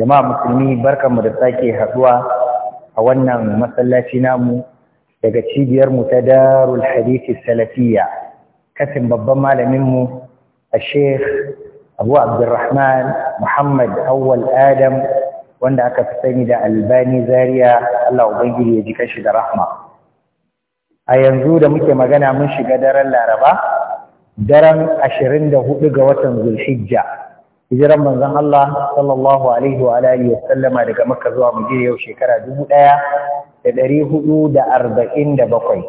jama'a musulmi barkanmu da sake haduwa a wannan masallaci namu daga cibiyar mu ta darul hadisi salafiyya kafin babban malamin mu a sheikh abu abdurrahman muhammad awwal adam wanda aka fi sani da albani zaria allah ubangiji ya ji kashi da rahma a yanzu da muke magana mun shiga daren laraba daren ashirin da hudu ga watan zulhijja hijiran manzon Allah sallallahu alaihi wa wa sallama daga maka zuwa Madina yau shekara dubu ɗaya da ɗari hudu da arba'in da bakwai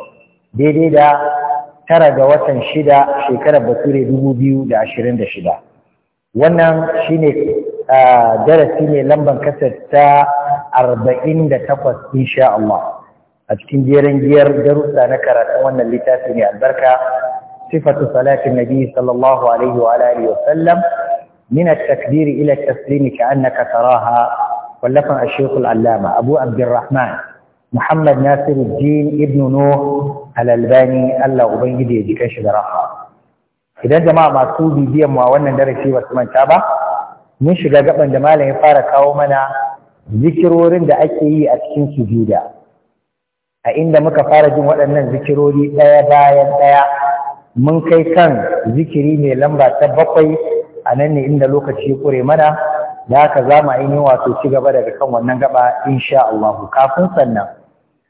daidai da tara ga watan shida shekarar bature dubu biyu da ashirin da shida wannan shine darasi ne lamban kasar ta arba'in da takwas insha Allah a cikin jerin giyar darussa na karatun wannan littafi ne albarka sifatu salatin nabi sallallahu alaihi wa alihi wa sallam من التكبير إلى التسليم كأنك تراها ولكم الشيخ العلامة أبو عبد الرحمن محمد ناصر الدين ابن نوح الألباني الله أبنجد يجيك شجرها إذا جماعة ما سوبي بي ما وانا درسي وسمان تابا من شجا قبل جمالا يفار كومنا منا ذكرورين da ake yi a cikin sujuda a inda muka fara jin waɗannan zikirori ɗaya bayan ɗaya mun kai تبقي a nan ne inda lokaci ya kure mana da haka za mu ainihin wato ci gaba daga kan wannan gaba insha Allah kafin sannan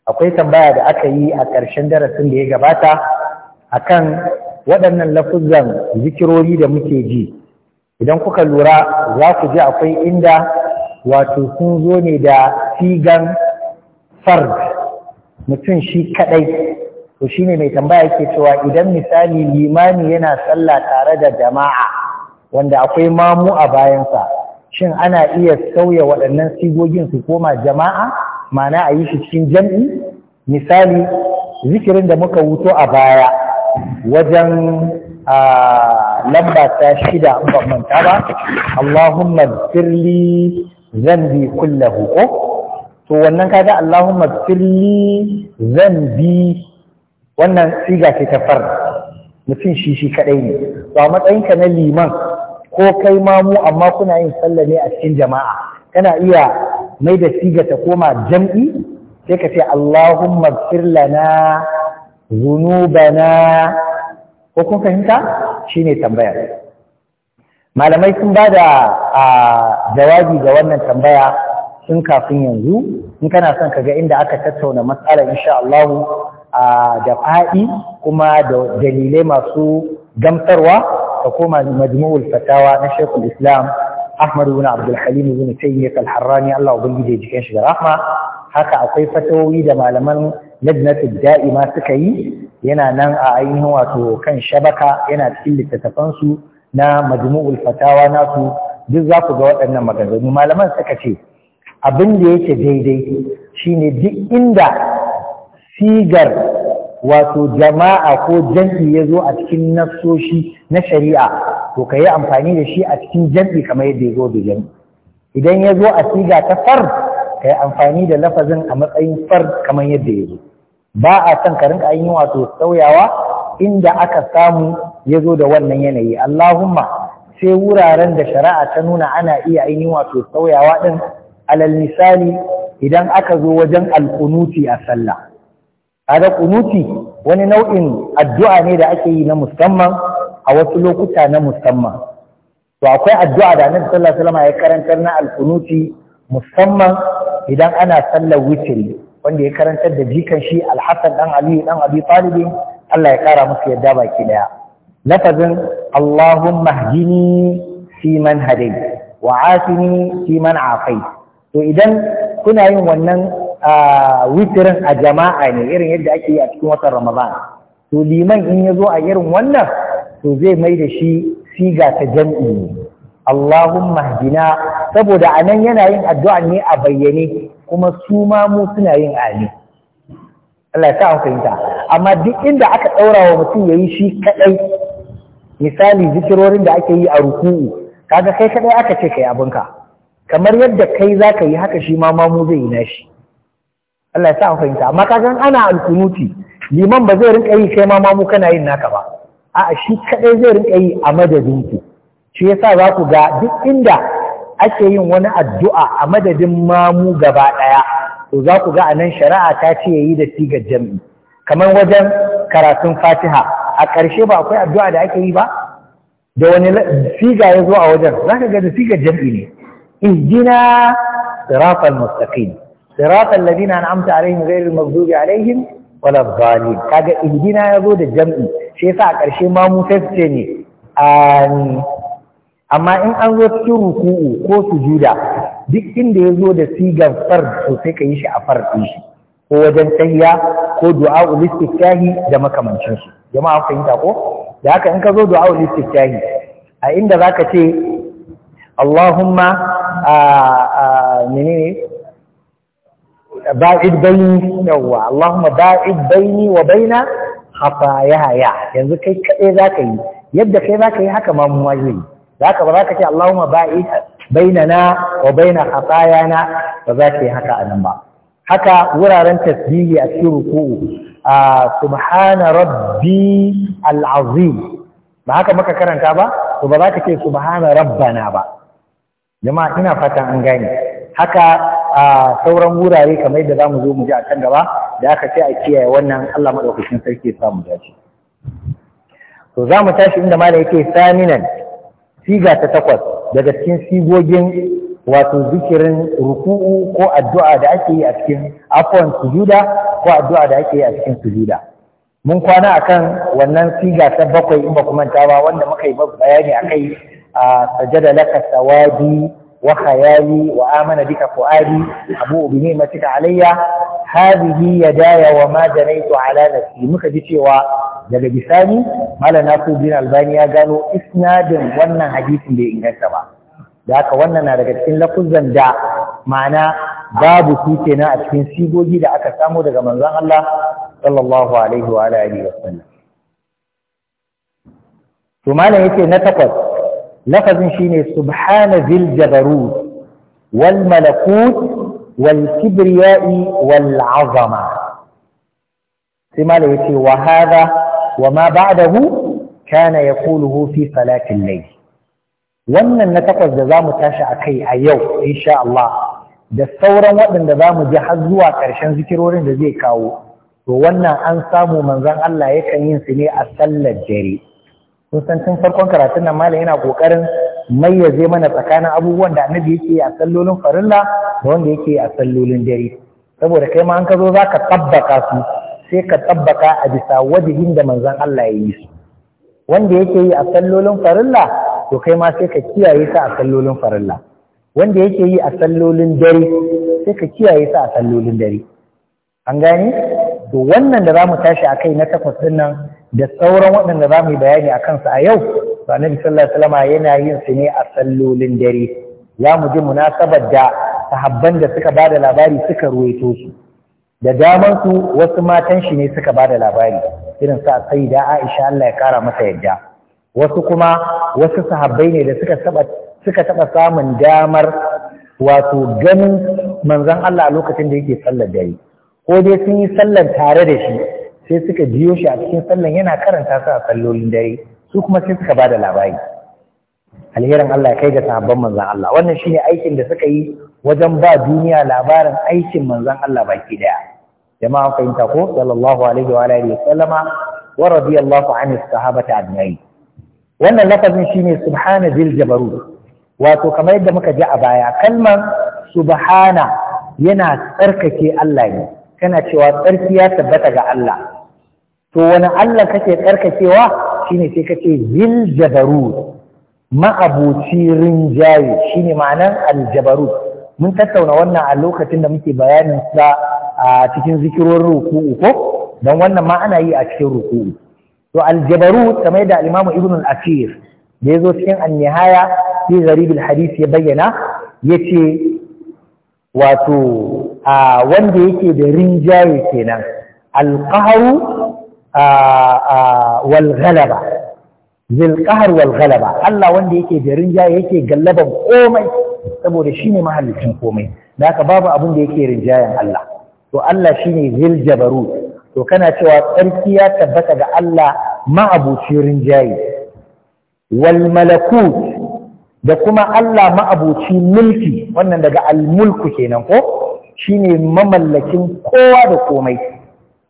akwai tambaya da aka yi a ƙarshen darasin da ya gabata akan waɗannan lafuzan zikirori da muke ji idan kuka lura za ku ji akwai inda wato sun zo ne da sigan fard mutum shi kaɗai to shine mai tambaya ke cewa idan misali limami yana sallah tare da jama'a wanda akwai mamu a bayansa shin ana iya sauya waɗannan sigogin su koma jama'a mana a yi shi cikin jam'i misali zikirin da muka wuto a baya wajen a lamba ta shida ba manta ba Allahumma firli zambi kullahu ko to wannan kaga Allahumma firli zambi wannan siga ce ta farko mutum shi shi kaɗai ne ba matsayinka na liman ko kai mamu amma kuna yin sallah ne a cikin jama'a kana iya mai da siga ta koma jam'i sai ka ce Allahumma gfir lana zunubana ko kun fahimta shine tambayar malamai sun ba da jawabi ga wannan tambaya sun kafin yanzu in kana son ka ga inda aka tattauna matsalar insha Allah da fa'i kuma da dalilai masu gamsarwa ka koma majmu'ul fatawa na shekul islam ahmad ibn abdul halim ibn tayyib al-harrani Allah ubangiji ya shi da rahma haka akwai fatawoyi da malaman lajnatul da'ima suka yi yana nan a ainihin wato kan shabaka yana cikin littattafan su na majmu'ul fatawa nasu duk za ku ga waɗannan maganganu malaman suka ce abin da yake daidai shine duk inda sigar wato jama'a ko jam'i ya zo a cikin nassoshi na shari'a to ka yi amfani da shi a cikin jam'i kamar yadda ya zo da jam'i idan ya zo a siga ta far ka yi amfani da lafazin a matsayin far kamar yadda ya zo ba a son ka rinka yi wato sauyawa inda aka samu ya zo da wannan yanayi Allahumma sai wuraren da shari'a ta nuna ana iya ainihin wato sauyawa din alal misali idan aka zo wajen alkunuti a sallah kaga kunuti wani nau'in addu'a ne da ake yi na musamman a wasu lokuta na musamman to akwai addu'a da annabi sallallahu alaihi ya karantar na alkunuti musamman idan ana sallar witri wanda ya karantar da jikan shi alhassan dan aliyu dan abi Allah ya kara musu yadda baki daya lafazin allahumma hdini fi man hadai wa afini fi man afai to idan kuna yin wannan witirin a jama'a ne irin yadda ake yi a cikin watan ramadan to liman in ya zo a irin wannan to zai mai da shi siga ta jam'i Allahumma hdina saboda anan yana yin addu'a ne a bayyane kuma su ma mu suna yin ali Allah ya sa fahimta amma duk inda aka ɗaura wa mutum yayi shi kadai misali zikirorin da ake yi a ruku'u kaga kai kadai aka ce kai abinka kamar yadda kai zaka yi haka shi ma mamu zai yi nashi Allah ya sa fahimta amma ka gan ana alkunuti liman ba zai rinka yi kai ma mamu kana yin naka ba a'a shi kadai zai rinka yi a madadin ku shi yasa za ku ga duk inda ake yin wani addu'a a madadin mamu gaba daya to za ku ga anan shari'a ta ce yayi da sigar jam'i kamar wajen karatun Fatiha a ƙarshe ba akwai addu'a da ake yi ba da wani siga ya zo a wajen zaka ga da sigar jam'i ne ihdina siratal mustaqim صراط الذين أنعمت عليهم غير المغضوب عليهم ولا الضالين كاجا إهدنا يزود الجمع شيء ساكر شيء ما ne ani amma in an zo cikin ruku'u ko sujuda duk inda yazo da sigar fard to sai ka yi shi a fardin shi ko wajen tahiya ko du'a ul istiftahi da makamancin su jama'a fahimta ko da haka in ka zo du'a ul istiftahi a inda zaka ce Allahumma a menene ba'id baini yawwa Allahumma ba'id baini wa baina khataaya yanzu kai kade zaka yi yadda kai zaka yi haka ma mu zai zaka ba zaka ce Allahumma ba'id bainana wa baina khataayana ba za ka yi haka anan ba haka wuraren tasbihi a cikin ruku'u subhana rabbi al'azim ba haka muka karanta ba to ba za ka ce subhana rabbana ba jama'a ina fatan an gane haka a sauran wurare kamar yadda mu zo mu ji a can gaba da aka ce a kiyaye wannan Allah madaukakin sarki ya samu dace to za mu tashi inda malai yake saminan siga ta takwas daga cikin sigogin wato zikirin ruku'u ko addu'a da ake yi a cikin afwan sujuda ko addu'a da ake yi a cikin sujuda mun kwana akan wannan siga ta bakwai in ba ku manta ba wanda muka yi bayani akai a sajada laka sawadi وخيالي وآمن بك فؤادي أبوء بنعمتك علي هذه يداي وما جنيت على نفسي muka ji cewa daga bisani malam bin Albani ya gano isnadin wannan hadisin bai inganta ba da haka wannan na daga cikin lafuzan da ma'ana babu su kenan a cikin sigogi da aka samu daga manzon Allah sallallahu alaihi wa alihi wa sallam to malam yace na takwas lafazin shine subhana zil jabarut wal malakut wal kibriya'i wal azama sai mala yace wa hada wa ma ba'dahu kana yaquluhu fi salati al-layl wannan na takwas da zamu tashi akai a yau insha Allah da sauran waɗanda zamu ji har zuwa ƙarshen zikirorin da zai kawo to wannan an samu manzon Allah yakan yin su ne a sallar dare kun tun farkon karatun nan malam yana kokarin mayyaze mana tsakanin abubuwan da annabi yake a sallolin farilla da wanda yake a sallolin dare saboda kai ma an ka zo za ka tabbaka su sai ka tabbaka a bisa wajibin da manzon Allah ya yi su wanda yake yi a sallolin farilla to kai ma sai ka kiyaye ta a sallolin farilla wanda yake yi a sallolin dare sai ka kiyaye ta a sallolin dare an gane to wannan da za mu tashi a kai na takwas dinnan. nan da sauran waɗanda za mu yi bayani a kansu a yau ba na sallallahu alaihi yana yin su ne a sallolin dare za mu ji munasabar da sahabban da suka ba da labari suka ruwaito su da daman su wasu matan shi ne suka ba da labari irin sa sai da Aisha Allah ya kara masa yadda wasu kuma wasu sahabbai ne da suka taba samun damar wato ganin manzon Allah a lokacin da yake sallar dare ko dai sun yi sallar tare da shi sai suka jiyo shi a cikin sallan yana karanta su a sallolin dare su kuma sai suka ba da labari alherin Allah kai ga sahabban manzan Allah wannan shine aikin da suka yi wajen ba duniya labarin aikin manzan Allah baki daya jama'a fahimta ko sallallahu alaihi wa alihi wasallama wa radiyallahu anhu sahabata ajma'in wannan lafazin shine subhana zil jabarut wato kamar yadda muka ji a baya kalmar subhana yana tsarkake Allah ne kana cewa tsarki ya tabbata ga Allah to wani Allah kake tsarkakewa shine sai kace zil jabarut ma'abuci rinjaye shine ma'anan aljabarut mun tattauna wannan a lokacin da muke bayanin sa a cikin zikirorin ruku'u ko dan wannan ma ana yi a cikin ruku'u to aljabarut kamar da al-Imam Ibn al-Asir da yazo cikin an-nihaya fi gharib hadith ya bayyana yace wato a wanda yake da rinjaye kenan alqahru wal zilkahar walgalaba. Allah wanda yake da rinjaye yake gallaban komai saboda shine mahallicin komai da haka babu abin da yake rinjayen Allah to Allah shine zil to kana cewa tsarki ya tabbata ga Allah ma'abucin rinjaye wal da kuma Allah ma'abuci mulki wannan daga al mulku kenan ko shine mamallakin kowa da komai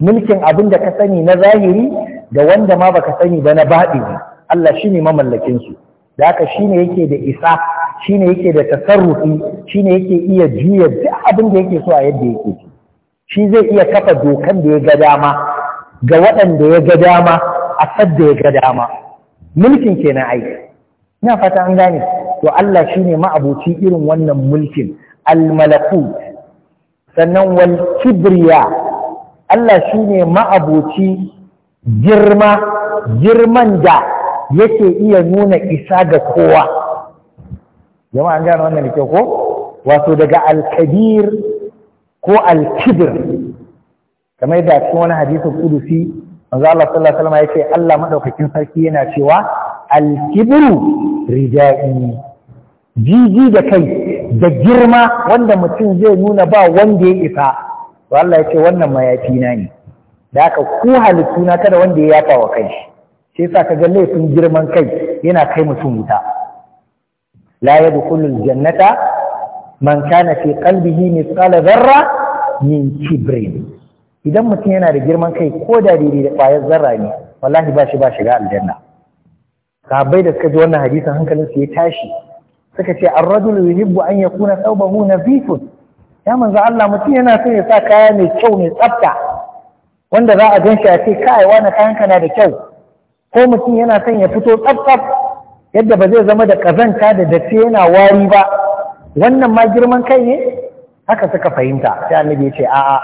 mulkin abin da ka sani na zahiri da wanda ma baka sani ba na baɗi Allah shine mamallakin su da haka ne yake da isa ne yake da tasarrufi ne yake iya juya duk abin da yake so a yadda yake shi zai iya kafa dokan da ya ga dama ga waɗanda ya ga dama a da ya ga dama mulkin kenan ai ina fata an gane to Allah shine ma'abuci irin wannan mulkin al-malakut sannan wal kibriya Allah shi ne ma'aboci girma girman da yake iya nuna isa ga kowa jama'a an gane wannan da ke ko wato daga alkabir ko alkibir kamar yadda cikin wani hadisin kudusi manzo Allah sallallahu alaihi wasallam yake Allah madaukakin sarki yana cewa alkibiru ridai jiji da kai da girma wanda mutum zai nuna ba wanda ya isa to Allah ya ce wannan mayafi na ne da aka ku halittu na kada wanda ya yafa wa kai shi sai sa ga laifin girman kai yana kai mutum wuta la yadkhulul jannata man kana fi qalbihi mithqala dharra min kibrin idan mutum yana da girman kai ko da daidai da kwayar zarra ne wallahi ba shi ba shiga aljanna sahabbai da suka ji wannan hadisin hankalin su ya tashi suka ce ar-rajulu yuhibbu an yakuna thawbahu nazifun ya manzo Allah mutum yana son ya sa kaya mai kyau mai tsafta wanda za a gan shi a ce kai wani kayan kana da kyau ko mutum yana son ya fito tsaf yadda ba zai zama da kazanta da datti yana wari ba wannan ma girman kai ne haka suka fahimta sai annabi ya ce a'a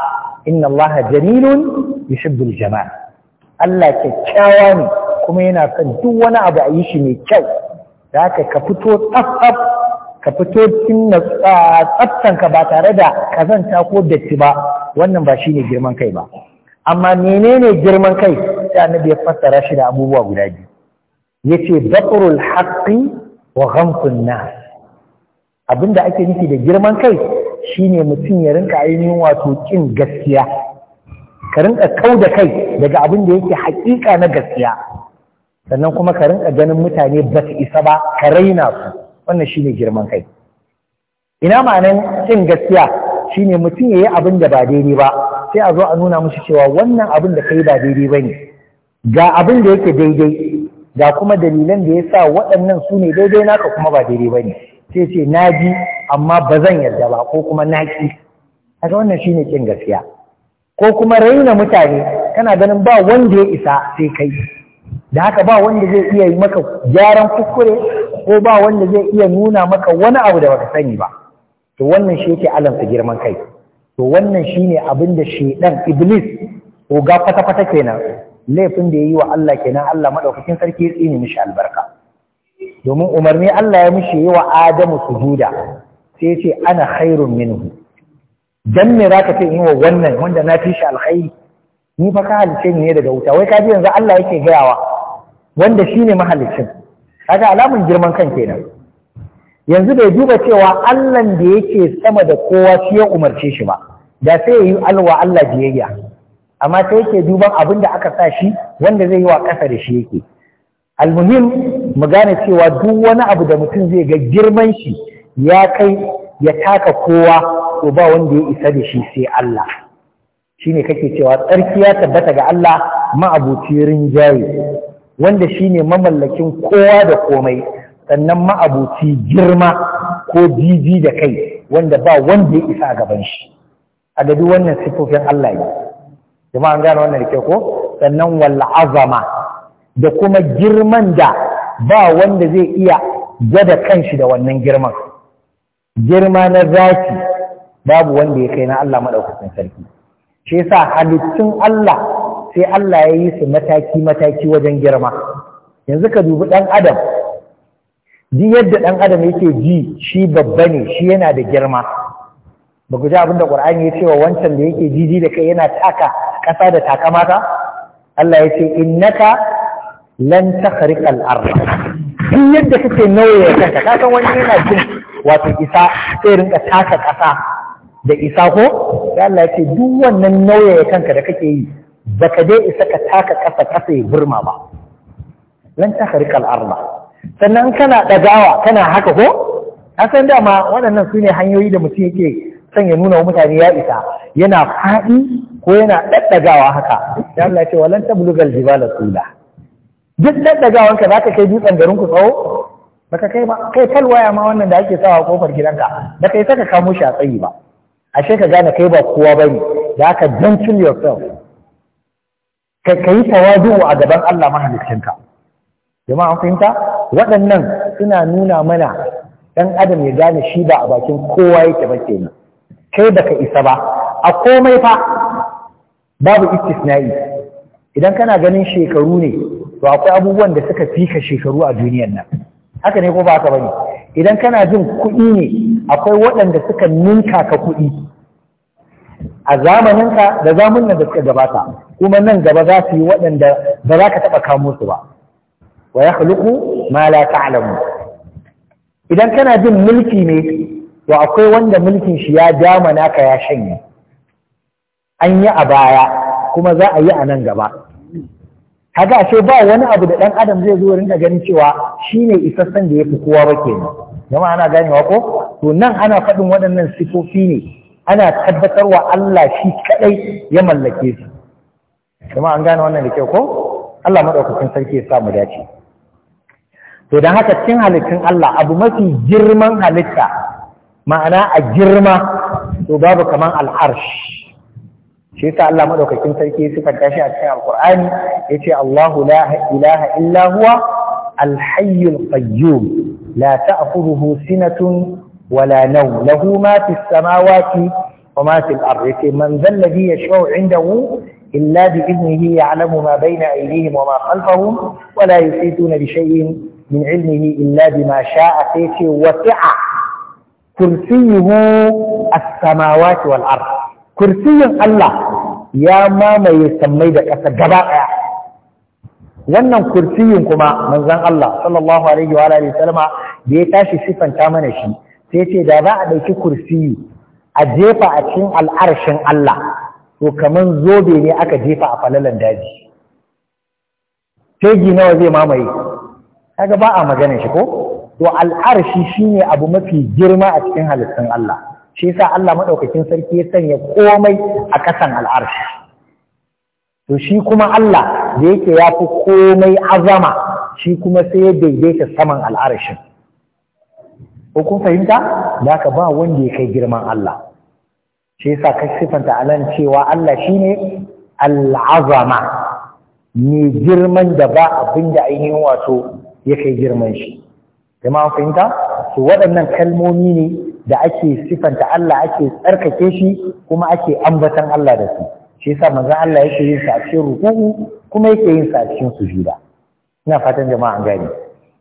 inna Allah jamilun yuhibbul jamal Allah kyakkyawa ne kuma yana son duk wani abu a yi shi mai kyau da haka ka fito tsaf ka fito cikin ka ba tare da kazanta ko datti ba wannan ba shine girman kai ba amma menene girman kai sai annabi ya fassara shi da abubuwa guda biyu yace batrul haqqi wa ghamtun nas abinda ake nufi da girman kai shine mutum ya rinka ainihin wato kin gaskiya ka rinka kau da kai daga abin da yake hakika na gaskiya sannan kuma ka rinka ganin mutane ba su isa ba ka raina su wannan shine girman kai ina ma'anin cin gaskiya shine mutum yayi abin da ba daidai ba sai a zo a nuna musu cewa wannan abin da kai ba daidai bane ga abin da yake daidai ga kuma dalilan da ya sa waɗannan su ne daidai naka kuma ba daidai bane sai ce na ji amma ba zan yarda ba ko kuma na kaga wannan shine cin gaskiya ko kuma raina mutane kana ganin ba wanda ya isa sai kai da haka ba wanda zai iya maka gyaran kuskure ko ba wanda zai iya nuna maka wani abu da baka sani ba to wannan shi yake alamta girman kai to wannan shine abin da shedan iblis ko ga fata-fata kenan laifin da ya yi wa Allah kenan Allah maɗaukakin sarki ya tsini mishi albarka domin umarni Allah ya mishi yi wa Adamu sujuda sai ya ce ana khairun minhu dan me ka ce yi wa wannan wanda na fi shi alkhairi ni fa ka halice ni ne daga wuta wai kaji yanzu Allah yake gayawa wanda shine mahalicin kaga alamun girman kan kenan yanzu bai duba cewa allahn da yake sama da kowa shi ya umarce shi ba da sai yi alwa Allah biyayya amma sai yake duban abin da aka sa shi wanda zai yi wa ƙasa da shi yake almuhim mu gane cewa duk wani abu da mutum zai ga girman shi ya kai ya taka kowa to ba wanda ya isa da shi sai Allah shine kake cewa tsarki ya tabbata ga Allah ma'abuci rinjaye wanda shine mamallakin kowa da komai sannan ma'abuci girma ko jiji da kai wanda ba wanda ya isa a gaban shi a gadi wannan sifofin Allah ne jama'a an gane wannan rike ko sannan wal azama da kuma girman da ba wanda zai iya gwada kanshi da wannan girman girma na zaki babu wanda ya kai na Allah madaukakin sarki shi yasa halittun Allah sai Allah ya yi su mataki mataki wajen girma yanzu ka dubi ɗan adam ji yadda ɗan adam yake ji shi babba ne shi yana da girma ba ku ji abinda Al-Qur'ani ya cewa wancan da yake ji, ji da kai yana taka ƙasa da taka mata Allah ya ce innaka lan takhriqal ardh in yadda kake nauye kanka ka san wani yana jin wato isa sai rinka taka ƙasa da isa ko ya Allah ya ce duk wannan nauya ya kanka da kake yi ba ka dai isa ka taka kasa kasa ya burma ba lan tahrikal arda sannan kana dagawa kana haka ko asan dama waɗannan su ne hanyoyi da mutum yake son ya nuna wa mutane ya isa yana faɗi ko yana ɗaɗɗagawa haka ya Allah ce walan tablugal jibala tula duk ɗaɗɗagawan ka zaka kai dutsen garin ku tsawo baka kai ba kai talwaya ma wannan da ake sawa kofar gidanka baka yi saka kamo shi a tsayi ba ashe ka gane kai ba kowa ba ne da aka gentle yourself ka kai tawadu a gaban Allah mahaliccinka jama'a an fahimta waɗannan suna nuna mana ɗan adam ya gane shi ba a bakin kowa yake ba kenan kai baka isa ba a komai fa babu istisna'i idan kana ganin shekaru ne to akwai abubuwan da suka fika shekaru a duniyar nan haka ne ko ba haka bane idan kana jin kuɗi ne akwai waɗanda suka ninka ka kuɗi a zamaninka da zamanin da suka gabata kuma nan gaba za su yi waɗanda ba za ka taɓa kamo su ba wa ya halittu ma la ta'lamu idan kana jin mulki ne to akwai wanda mulkin shi ya dama naka ya shanye an yi a baya kuma za a yi a nan gaba kaga ashe ba wani abu da ɗan adam zai zo rinka ganin cewa shine isassan da ya fi kowa ba kenan jama'a ana ganewa ko to nan ana faɗin waɗannan sifofi ne ana tabbatarwa Allah shi kadai ya mallake su jama'a an gane wannan da kyau ko Allah madaukakin sarki ya sa mu dace to dan haka cikin halittun Allah abu mafi girman halitta ma'ana a girma to babu kaman al'arsh shi yasa Allah madaukakin sarki ya sifanta shi a cikin Alƙur'ani yace Allahu la ilaha illa huwa al-hayyul qayyum لا تأخذه سنة ولا نوم له ما في السماوات وما في الأرض من ذا الذي يشفع عنده إلا بإذنه يعلم ما بين أيديهم وما خلفهم ولا يحيطون بشيء من علمه إلا بما شاء فيه وسع كرسيه السماوات والأرض كرسي الله يا ما ما يسمي دكاسة جبائع wannan kursiyin kuma manzon Allah sallallahu alaihi wa alihi sallama da ya tashi sifanta mana shi sai ce da za a ɗauki kursiyi a jefa a cikin al'arshin Allah to kaman zobe ne aka jefa a falalan daji tegi nawa zai mamaye kaga ba a maganin shi ko to al'arshi shine abu mafi girma a cikin halittun Allah shi yasa Allah madaukakin sarki ya sanya komai a kasan al'arshi to shi kuma Allah da yake ya fi komai azama shi kuma sai ya daidaita saman al'arashin ko kun fahimta da ka ba wanda ya kai girman Allah shi yasa ka sifanta alan cewa Allah shine al'azama ne girman da ba abin da ainihin wato ya kai girman shi an fahimta su waɗannan kalmomi ne da ake sifanta Allah ake tsarkake shi kuma ake ambatan Allah da su shi yasa manzo Allah yake yin sa a cikin ruku'u kuma yake yin sa a cikin sujuda ina fatan jama'a an gane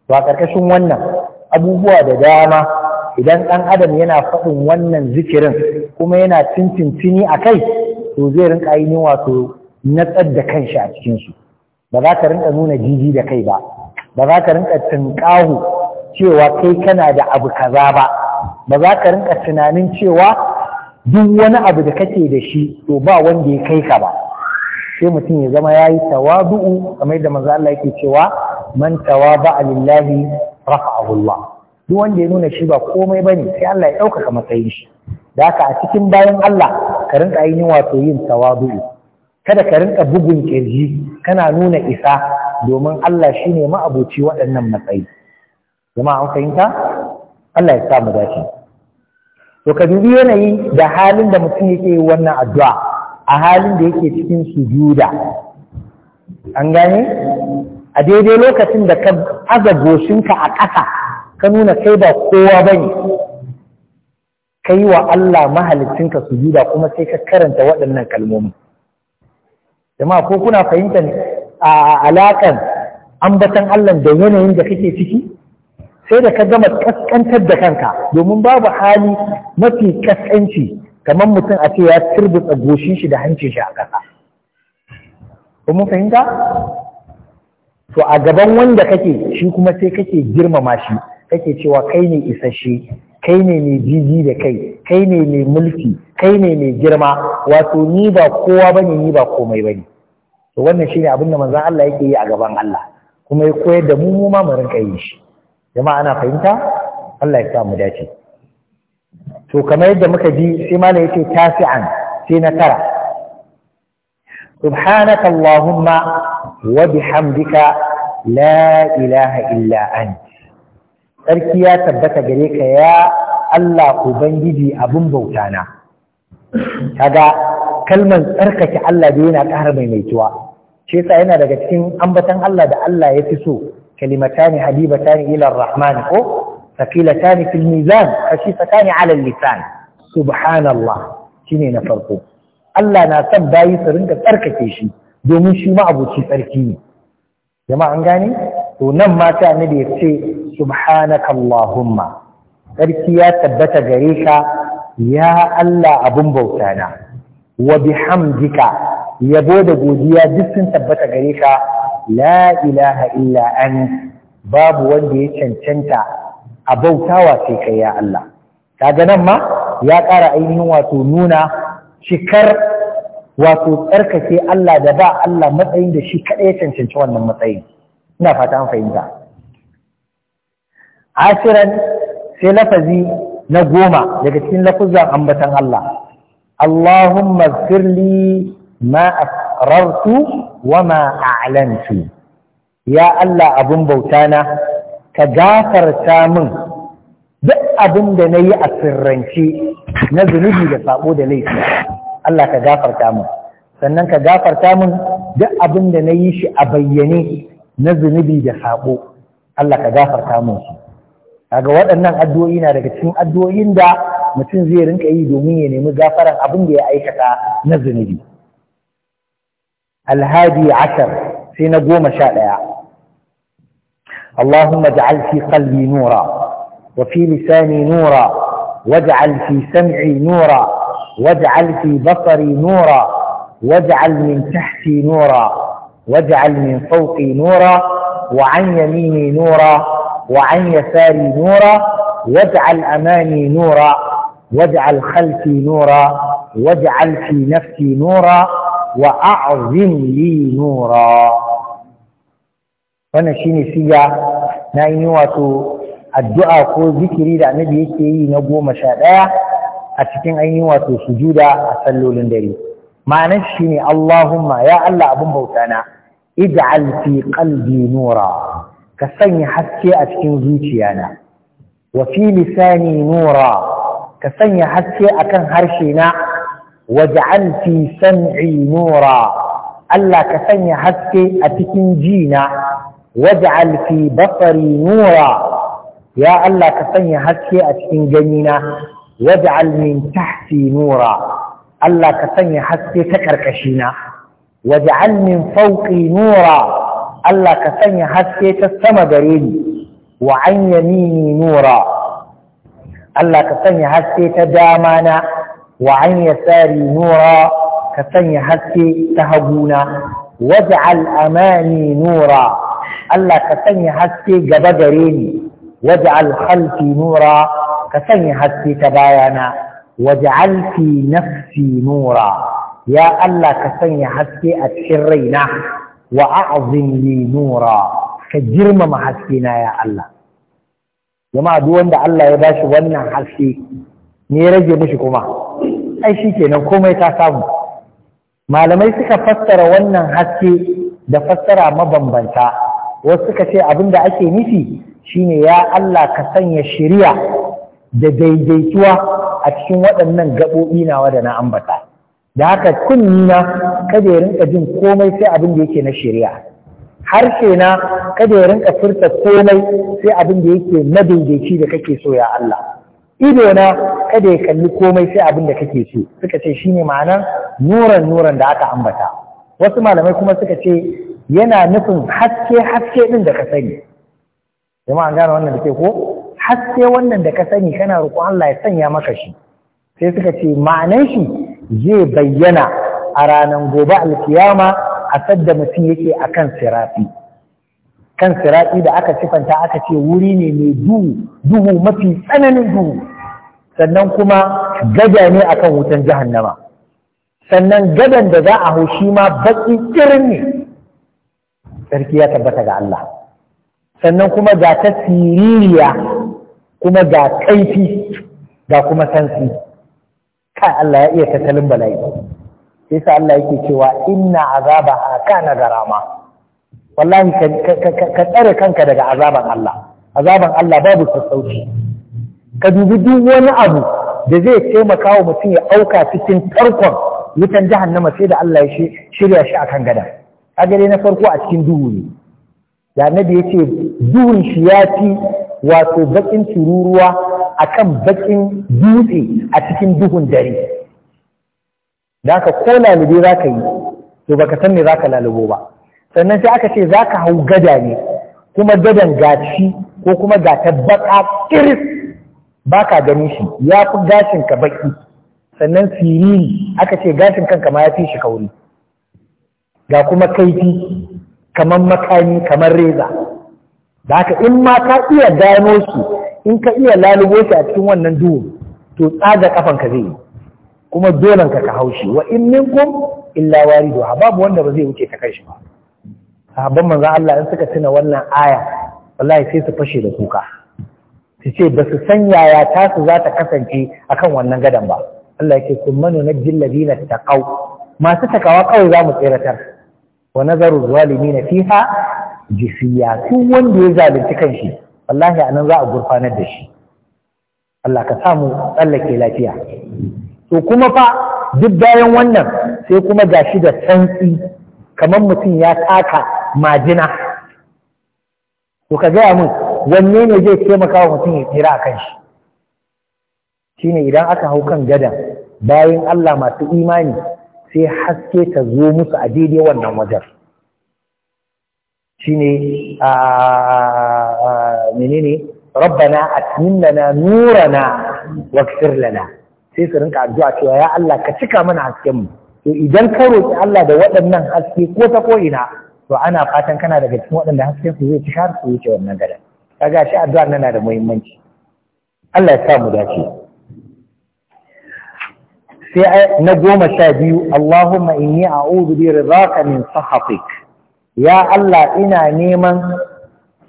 to a karkashin wannan abubuwa da dama idan ɗan adam yana faɗin wannan zikirin kuma yana tintintini a kai to zai rinka ainihin wato natsar da kanshi a cikinsu ba za ka rinka nuna jiji da kai ba ba za ka rinka tinkahu cewa kai kana da abu kaza ba ba za ka rinka tunanin cewa duk wani abu da kake da shi to ba wanda ya kai ka ba sai mutum ya zama yayi tawadu'u kamar da manzo Allah yake cewa man tawaba lillahi rafa'ahu Allah duk wanda ya nuna shi ba komai bane sai Allah ya ɗaukaka matsayin shi da haka a cikin bayan Allah ka rinka ainihin wato yin tawadu'u kada ka rinka bugun kirji kana nuna isa domin Allah shine ma'abuci waɗannan matsayi jama'a an fahimta Allah ya samu mu dace to ka dubi yanayi da halin da mutum yake wannan addu'a a halin da yake cikin sujuda an gane a daidai lokacin da ka aza goshinka a ƙasa ka nuna kai ba kowa ba ne, ka yi wa Allah mahalicinka sujuda kuma sai ka karanta waɗannan kalmomi jama'a ko kuna fahimtar a alaƙar ambatan Allah da yanayin da kake ciki sai da ka gama kaskantar da kanka domin babu hali mafi kaskanci kamar mutum a ce ya turbuta goshin shi da hancin shi a ƙasa mun fahimta to a gaban wanda kake shi kuma sai kake girmama shi kake cewa kai ne isasshe kai ne mai jiji da kai kai ne mai mulki kai ne mai girma wato ni ba kowa bane ni ba komai bane to wannan shine abin da manzon Allah yake yi a gaban Allah kuma ya koyar da mu mu ma mu rinka yin shi jama'a ana fahimta Allah ya samu dace to kamar yadda muka ji sai malam yace tasi'an sai na tara subhanaka allahumma wa bihamdika la ilaha illa ant sarki ya tabbata gare ka ya Allah ubangiji abin bauta na kaga kalman tsarkake Allah da yana ƙara maimaituwa shi yasa yana daga cikin ambatan Allah da Allah ya fi so kalimatani Habiba tani ar-rahman ko thaqilatani fil mizan khashifatani ala al-lisan subhanallah shine na farko Allah na san bayi su rinka tsarkake shi domin shi ma abuci tsarki ne jama'a an gane to nan ma ta annabi ya ce subhanakallahumma tsarki ya tabbata gare ka ya Allah abun bauta na wa bihamdika yabo da godiya duk sun tabbata gare ka la ilaha illa an babu wanda ya cancanta a bautawa sai kai ya Allah kaga nan ma ya ƙara ainihin wato nuna cikar wato tsarkake Allah da ba Allah matsayin da shi kaɗai ya cancanci wannan matsayin ina fata an fahimta ashiran sai lafazi na goma daga cikin lafuzan ambatan Allah Allahumma firli ma wama a'lantu ya Allah abun bauta na ka gafarta min duk abin da na yi a sirrance na zunubi da sabo da laifi Allah ka gafarta min sannan ka gafarta min duk abin da na yi shi a bayyane na zunubi da sabo Allah ka gafarta min su kaga waɗannan addu'o'i na daga cikin addu'o'in da mutum zai rinka yi domin ya nemi gafaran abin da ya aikata na zunubi الهادي عشر في نجوم شائعة اللهم اجعل في قلبي نورا وفي لساني نورا واجعل في سمعي نورا واجعل في بصري نورا واجعل من تحتي نورا واجعل من فوقي نورا وعن يميني نورا وعن يساري نورا واجعل أماني نورا واجعل خلفي نورا واجعل في نفسي نورا wa a'zim li nura wannan shine siga na yi wato addu'a ko zikiri da annabi yake yi na goma sha ɗaya a cikin ainihin wato sujuda a sallolin dare ma'anar shi ne Allahumma ya Allah abin bauta na ij'al fi qalbi nura ka sanya haske a cikin zuciyana wa fi lisani nura ka sanya haske akan harshe na واجعل في سمعي نورا ألا كسني حسك أتكنجينا واجعل في بصري نورا يا ألا كسني حسك أتكنجينا واجعل من تحتي نورا ألا كسني حسك تكركشينا واجعل من فوقي نورا ألا كسني حسك تستمدرين وعن يميني نورا ألا كسني حسك تدامانا وعن يساري نورا كسن حسكي تهبونا واجعل أماني نورا ألا كسن حسكي قبدريني واجعل خلفي نورا كسن حسكي تبايانا واجعل في نفسي نورا يا ألا كسن حسكي أتشرينا وأعظم لي نورا كجرم محسكينا يا الله يا ما دون Allah ya bashi wannan haske ne ya rage ai shi kenan komai ta samu malamai suka fassara wannan haske da fassara mabambanta wasu suka ce abin da ake nufi shine ya Allah ka sanya shiriya da daidaituwa a cikin waɗannan gaɓoɓi nawa da na ambata da haka kunni na kada ya rinka jin komai sai abin da yake na shiriya harshe na kada ya rinka furta komai sai abin da yake na daidaici da kake so ya Allah Idona kada ya kalli komai sai abin da kake ce suka ce shine ma'anar nuran nuran da aka ambata wasu malamai kuma suka ce yana nufin haske haske din da ka sani an gane wannan da ke ko haske wannan da ka sani kana roƙon Allah ya sanya maka shi sai suka ce ma'anar shi zai bayyana a ranar gobe alkiyama a sadda mutum yake akan sirafi kan siraɗi da aka sifanta aka ce wuri ne mai duhu duhu mafi tsananin duhu sannan kuma gada ne akan wutan jahannama sannan gadan da za a hau shi ma baki irin ne sarki ya tabbata ga Allah sannan kuma ga ta siririya kuma ga kaifi ga kuma sansi kai Allah ya iya tattalin bala'i sai sa Allah yake cewa inna azaba kana garama wallahi ka tsare kanka daga azaban Allah azaban Allah babu sassauci ka dubi duk wani abu da zai taimaka wa mutum ya auka cikin tarkon wutan jahannama sai da Allah ya shirya shi akan gada agare na farko a cikin duhu ne ya nabi ya ce duhun shi ya ci wato bakin tururuwa akan bakin dutse a cikin duhun dare da aka ko lalube za ka yi to baka san me za ka lalubo ba sannan sai aka ce za ka hau gada ne kuma gadan gaci ko kuma ga tabbata kiris ba ka gani shi ya fi gashin ka baki sannan siriri aka ce gashin kanka ma ya fi shi kauri ga kuma kaifi kamar makami kamar reza da haka in ma ka iya gano shi in ka iya lalubo shi a cikin wannan duhu to tsaga kafan ka zai kuma dolan ka ka haushi wa in minkum illa waridu babu wanda ba zai wuce ta kai shi ba sahabban manzan Allah in suka tuna wannan aya wallahi sai su fashe da kuka su ce ba su san yaya su za ta kasance akan wannan gadan ba Allah yake kun manu na jillabi na taƙau masu takawa kawai za mu tseratar wa nazaru zalimi na fiha Jifiya su wanda ya zalunci kanshi wallahi a nan za a gurfanar da shi Allah ka samu tsallake lafiya to kuma fa duk bayan wannan sai kuma gashi da santsi kamar mutum ya taka majina to ka gaya mun wanne ne zai taimaka wa mutum ya tsira a kan shi ne idan aka hau kan gadan bayan Allah masu imani sai haske ta zo musu a daidai wannan wajen Shi ne a menene rabbana nura na waghfir lana sai su rinka addu'a cewa ya Allah ka cika mana hasken mu to idan ka roƙi Allah da waɗannan haske ko ta ko'ina. to ana fatan kana daga cikin waɗanda hasken su zai ci har su wuce wannan gadan kaga shi addu'a nan na da muhimmanci Allah ya sa mu dace sai na goma sha biyu Allahumma inni a'udhu bi ridaka min sahatik ya Allah ina neman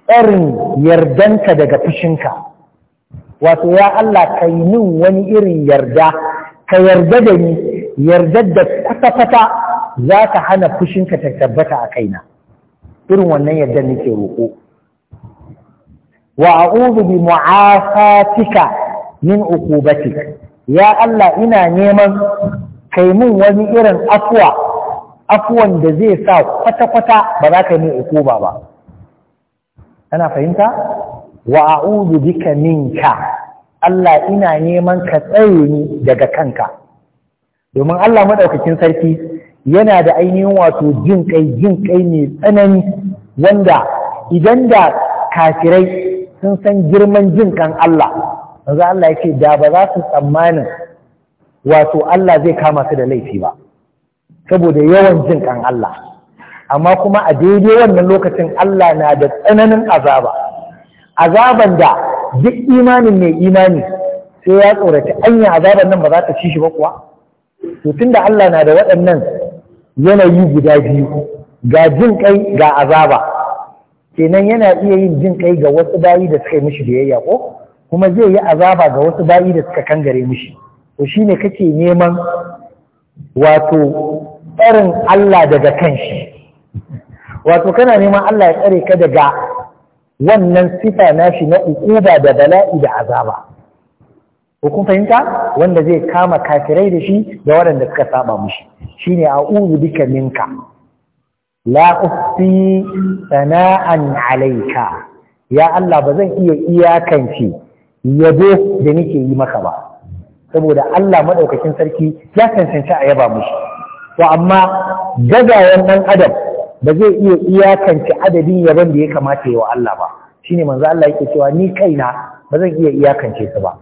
tsarin yardanka daga fushinka wato ya Allah yi min wani irin yarda ka yarda da ni yarda da kwata-kwata za ka hana fushinka ta tabbata a kaina irin wannan yadda nake roƙo wa a'udhu bi mu'afatika min uqubatik ya Allah ina neman kai min wani irin afwa afwan da zai sa kwata-kwata ba za ka yi uquba ba Kana fahimta wa a'udhu bika minka Allah ina neman ka tsare ni daga kanka domin Allah madaukakin sarki yana da ainihin wato jin kai jin kai mai tsanani wanda idan da kafirai sun san girman jin kan Allah za Allah ya ce da ba za su tsammanin wato Allah zai kama su da laifi ba saboda yawan jin kan Allah amma kuma a daidai wannan lokacin Allah na da tsananin azaba azaban da duk imanin mai imani sai ya tsorata anya azaban nan ba za ta ci shi ba kuwa to tunda Allah na da waɗannan yanayi guda biyu ga jin kai ga azaba kenan yana iya yin jin kai ga wasu bayi da suka yi mishi biyayya ko kuma zai yi azaba ga wasu bayi da suka kangare mishi to shine kake neman wato tsarin Allah daga kan shi? wato kana neman Allah ya tsare ka daga wannan sifa nashi na ukuba da bala'i da azaba ko fahimta wanda zai kama kafirai da shi da waɗanda suka saba mushi shine uzu duka minka la sana'an alaika. ya Allah ba zan iya iyakance yabo da nake yi maka ba saboda Allah maɗaukacin sarki ya cancanci a yaba mushi to amma gagayen ɗan adam ba zai iya iyakance adadin yaban da ya kamata yi wa Allah ba shine manzo Allah yake cewa ni kaina ba zan iya iyakance su ba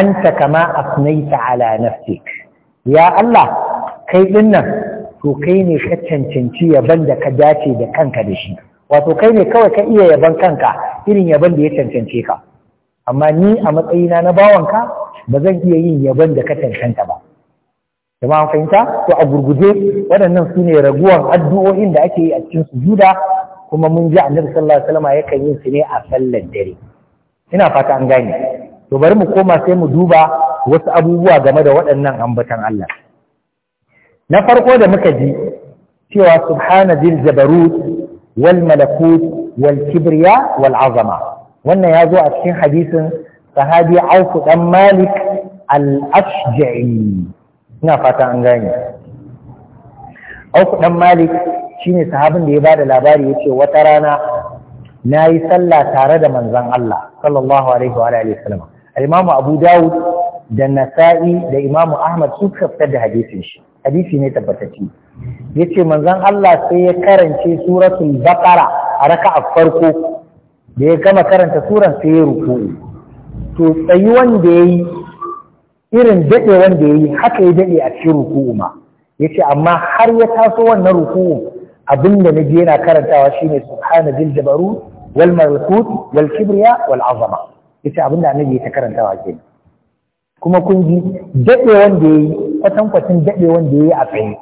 anta kama asnaita ala nafsik ya Allah kai ɗinnan to kai ne ka cancanci yaban da ka dace da kanka da shi wato kai ne kawai ka iya yaban kanka irin yaban da ya cancance ka amma ni a matsayina na bawanka ba zan iya yin yaban da ka cancanta ba jama'a fahimta to a gurguje waɗannan su ne raguwan addu'o'in da ake yi a cikin sujuda kuma mun ji annabi sallallahu alaihi wasallam yakan yin su ne a sallar dare ina fata an gane to bari mu koma sai mu duba wasu abubuwa game da waɗannan ambatan Allah na farko da muka ji cewa subhana zil jabarut wal malakut wal kibriya wal azama wannan ya zo a cikin hadisin sahabi Auf dan Malik al-Ashja'i ina fata an gane Auf dan Malik shine sahabin da ya bada labari yace wata rana nayi sallah tare da manzon Allah sallallahu alaihi wa alihi wasallam imamu abu dawud da nasa'i da imamu ahmad sun fitar da hadisin shi hadisi ne tabbatacce yace manzon Allah sai ya karance suratul baqara a raka a farko da ya gama karanta suran sai ya ruku'u to wanda ya yayi irin daɗe wanda ya yi haka ya daɗe a cikin ruku'u ma yace amma har ya taso wannan ruku'u abinda naje yana karantawa shine subhana bil wal malakut wal kibriya wal azama yace abin da annabi ya karantawa kenan kuma kun ji daɗe wanda ya yi kwatankwacin daɗe wanda ya yi a tsaye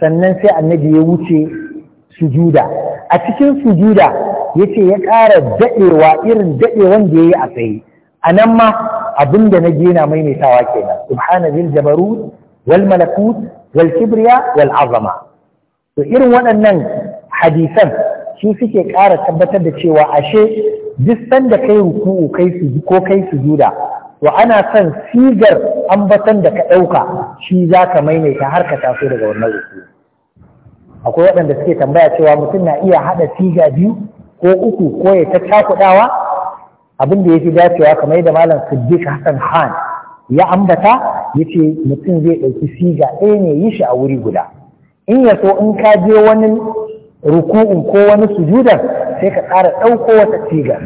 sannan sai annabi ya wuce sujuda a cikin sujuda ya ce ya ƙara daɗewa irin daɗe wanda ya yi a tsaye a nan ma abin da na gina maimaitawa kenan subhana zil jabarut wal malakut wal kibriya wal azama to irin waɗannan hadisan su suke ƙara tabbatar da cewa ashe duk sanda kai ruku'u kai su ko kai sujuda to ana son sigar ambatan da ka ɗauka shi za ka maimaita har ka taso daga wannan ruku'u akwai waɗanda suke tambaya cewa mutum na iya haɗa siga biyu ko uku ko ya ta cakuɗawa abin da ya fi dacewa kamar da malam siddiq hassan khan ya ambata ya ce mutum zai ɗauki siga ɗaya ne yi shi a wuri guda in ya so in ka je wani ruku'un ko wani sujudan sai ka ƙara ɗauko wata siga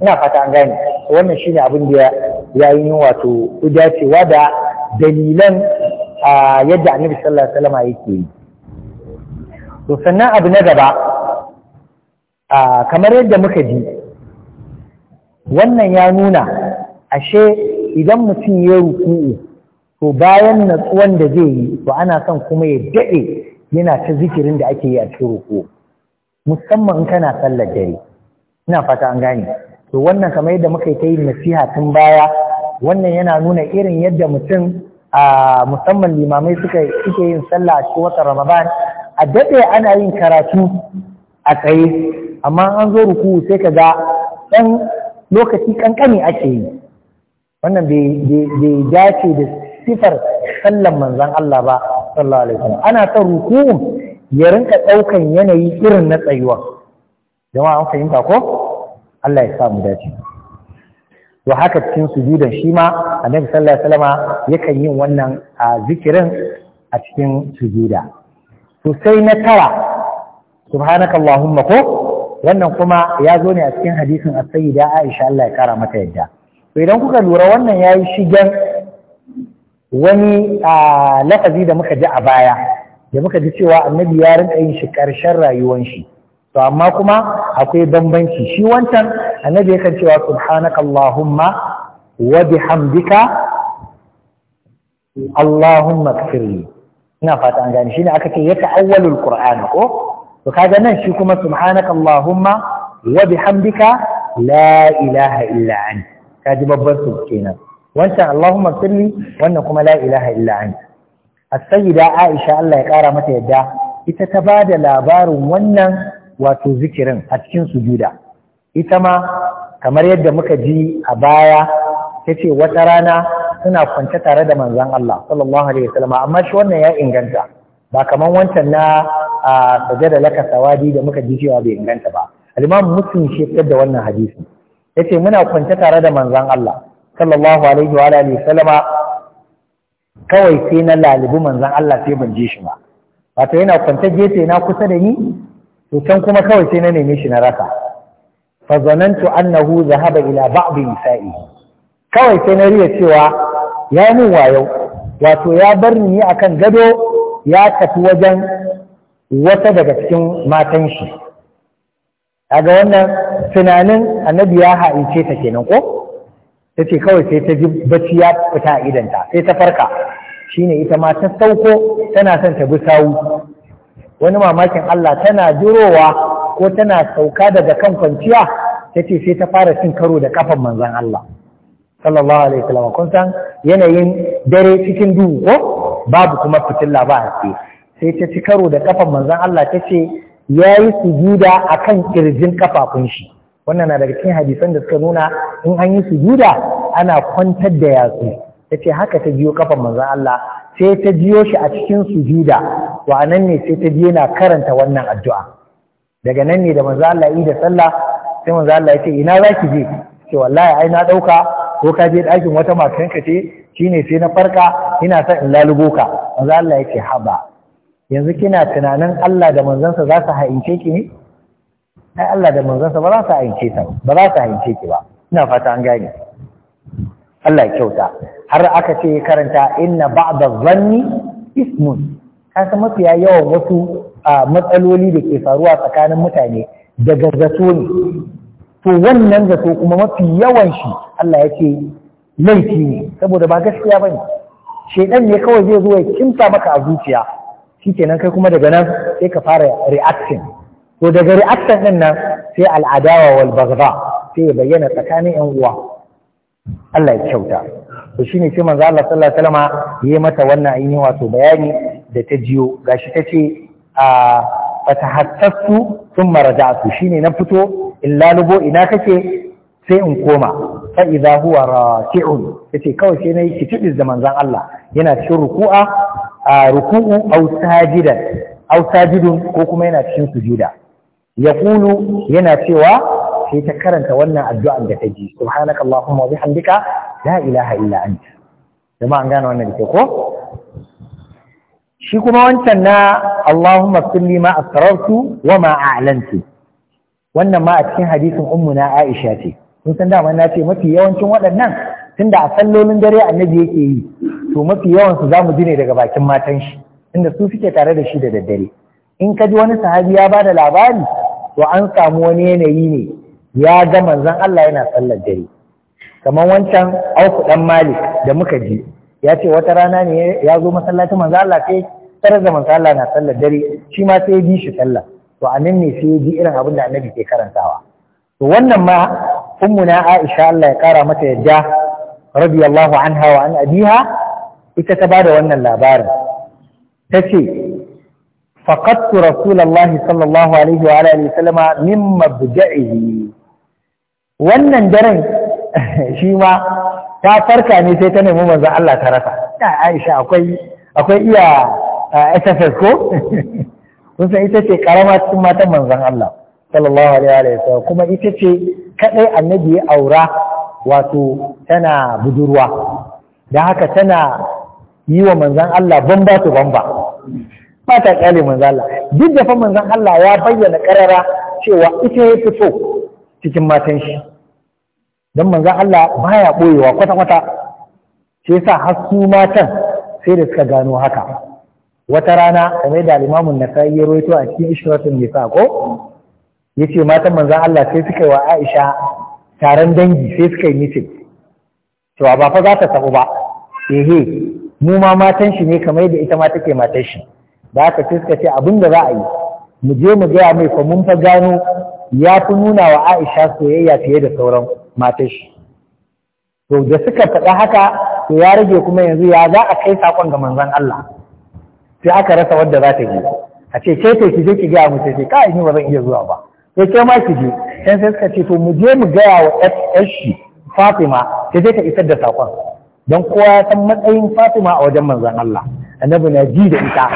ina fata an gane wannan shine abin da ya yi wato dacewa da dalilan yadda annabi sallallahu alaihi wasallam yake yi to sannan abu na gaba kamar yadda muka ji wannan ya nuna ashe idan mutum ya ruku'u to bayan natsuwan da zai yi to ana son kuma ya daɗe yana ta zikirin da ake yi a cikin ruku musamman in kana sallar dare ina fata an gane to wannan kamar yadda muka yi ta yin nasiha tun baya wannan yana nuna irin yadda mutum a musamman limamai suka suke yin sallah a cikin watan ramadan a daɗe ana yin karatu a tsaye amma an zo ruku sai ka ga ɗan lokaci ƙanƙani ake yi wannan bai dace da sifar sallan manzan Allah ba sallallahu alaihi wasallam ana son ruku ya rinka ɗaukan yanayi irin na tsayuwa jama'a an fahimta ko Allah ya samu dace to haka cikin sujudan shi ma annabi sallallahu alaihi wasallam yakan yin wannan a zikirin a cikin sujuda to sai na tara subhanakallahumma ko wannan kuma ya zo ne a cikin hadisin as-sayyida Aisha Allah ya kara mata yadda to idan kuka lura wannan yayi shigen wani lafazi da muka ji a baya da muka ji cewa annabi ya rinka yin shi ƙarshen rayuwar shi to amma kuma akwai bambanci shi wancan annabi yakan cewa subhanaka allahumma wa bihamdika allahumma kfirli ina fata an gane shine aka ce ya ta'awwalul qur'an ko to kaga nan shi kuma subhanaka allahumma wa bihamdika la ilaha illa anta kaji babban su kenan wancan Allahu sirli wannan kuma la ilaha illa anta as-sayyida Aisha Allah ya kara mata yadda ita ta ba da labarin wannan wato zikirin a cikin sujuda ita ma kamar yadda muka ji a baya tace wata rana suna kwance tare da manzan Allah sallallahu alaihi wasallam amma shi wannan ya inganta ba kamar wancan na sajada laka sawadi da muka ji cewa bai inganta ba al-Imam Muslim shi da wannan hadisi yace muna kwance tare da manzon Allah sallallahu alaihi wa alihi sallama kawai sai na lalibi manzon Allah sai ban je shi ba wato yana kwanta gefe na kusa da ni to can kuma kawai sai na neme shi na rasa fa zanantu annahu zahaba ila ba'd nisa'i kawai sai na riya cewa ya mun wayo wato ya bar ni akan gado ya tafi wajen wata daga cikin matan shi kaga wannan tunanin annabi ya haice ta kenan ko ta ce kawai sai ta ji bacci ya fita a idanta sai ta farka Shi ne ita ma ta sauko tana son ta bi sawu wani mamakin Allah tana jirowa ko tana sauka daga kan kwanciya ta ce sai ta fara cin karo da kafan manzan Allah sallallahu alaihi wasallam kun san yanayin dare cikin duhu ko babu kuma fitilla ba haske sai ta ci karo da kafan manzan. Allah ta ce yayi sujuda akan kirjin kafafun shi wannan na daga cikin hadisan da suka nuna in an yi sujuda ana kwantar da yatsu tace haka ta jiyo kafan manzon Allah sai ta jiyo shi a cikin sujuda wa nan ne sai ta biyo na karanta wannan addu'a daga nan ne da manzon Allah yi da sallah sai manzon Allah ya ce ina zaki je ce wallahi ai na dauka ko ka je ɗakin wata matanka ce shine sai na farka ina son in lalubo ka manzon Allah ya ce haba yanzu kina tunanin Allah da manzansa za su haince ki ne ai Allah da manzansa ba za su haince ta ba za su haince ki ba ina fata an gane Allah ya kyauta har aka ce karanta inna ba'da zanni ismun ka san mafiya yawan wasu matsaloli da ke faruwa tsakanin mutane daga zato ne to wannan zato kuma mafi yawan shi Allah ya ce laifi ne saboda ba gaskiya ba ne. shedan ne kawai zai zo ya kimsa maka a zuciya Shi kenan kai kuma daga nan sai ka fara reacting to daga gari din nan sai al'adawa wal baghdha sai ya bayyana tsakanin yan uwa Allah ya kyauta to shine sai manzo Allah sallallahu alaihi wasallam yayi mata wannan ainihin wato bayani da ta jiyo gashi tace a fatahattastu thumma raja'tu shine na fito in lalubo ina kake sai in koma fa idza huwa raki'un yace kawai sai nayi kitibis da manzon Allah yana cikin ruku'a ruku'u aw sajidan aw sajidun ko kuma yana cikin sujuda ya kulu yana cewa sai ta karanta wannan addu'an da ta ji subhanaka allahumma wa bihamdika la ilaha illa anta Zama an gane wannan da ko shi kuma wancan na allahumma salli ma asrartu wa ma a'lantu wannan ma a cikin hadisin ummuna aisha ce Sun san dama na ce mafi yawancin waɗannan tunda a sallolin dare annabi yake yi to mafi yawansu za zamu ji ne daga bakin matan shi inda su suke tare da shi da daddare in ka ji wani sahabi ya bada labari to an samu wani yanayi ne ya ga manzon Allah yana sallar dare kamar wancan auku dan malik da muka ji ya ce wata rana ne ya zo masallacin manzon Allah sai tarar da Allah na sallar dare shi ma sai ya bi shi sallah to a nan ne sai ya ji irin abin da annabi ke karantawa to wannan ma ummuna Aisha Allah ya kara mata yadda radiyallahu anha wa an abiha ita ta bada wannan labarin tace فقدت رسول الله صلى الله عليه وعلى اله وسلم min mabda'ihi wannan daren shi ma ta farka ne sai ta nemi manzon Allah ta rasa ta Aisha akwai akwai iya SFS ko kun san ita ce karama cikin matan manzon Allah sallallahu alaihi wa sallam kuma ita ce kadai annabi ya aura wato tana budurwa da haka tana yi wa manzon Allah bamba to bamba ba ta kyale manzan Allah duk da fa manzan Allah ya bayyana karara cewa ita ya fito cikin matan shi don manzan Allah baya boyewa kwata-kwata sai sa har matan sai da suka gano haka wata rana kamar da limamin nasa'i ya roito a cikin ishratun nisa ko yace matan manzan Allah sai suka yi wa Aisha taron dangi sai suka yi mitin cewa ba fa za ta tabu ba ehe mu ma matan shi ne kamar da ita ma take matan shi da aka sai ce abin da za a yi mu je mu gaya mai fa mun fa gano ya fi nuna wa Aisha soyayya fiye da sauran matar shi to da suka faɗa haka to ya rage kuma yanzu ya za a kai sakon ga manzon Allah sai aka rasa wadda za ta je a ce ke ki je ki gaya mu sai kai ni ba zan iya zuwa ba sai ke ma ki je sai sai suka ce to mu je mu gaya wa ƴar shi Fatima ta je ka isar da sakon don kowa ya san matsayin Fatima a wajen manzon Allah annabi na ji da ita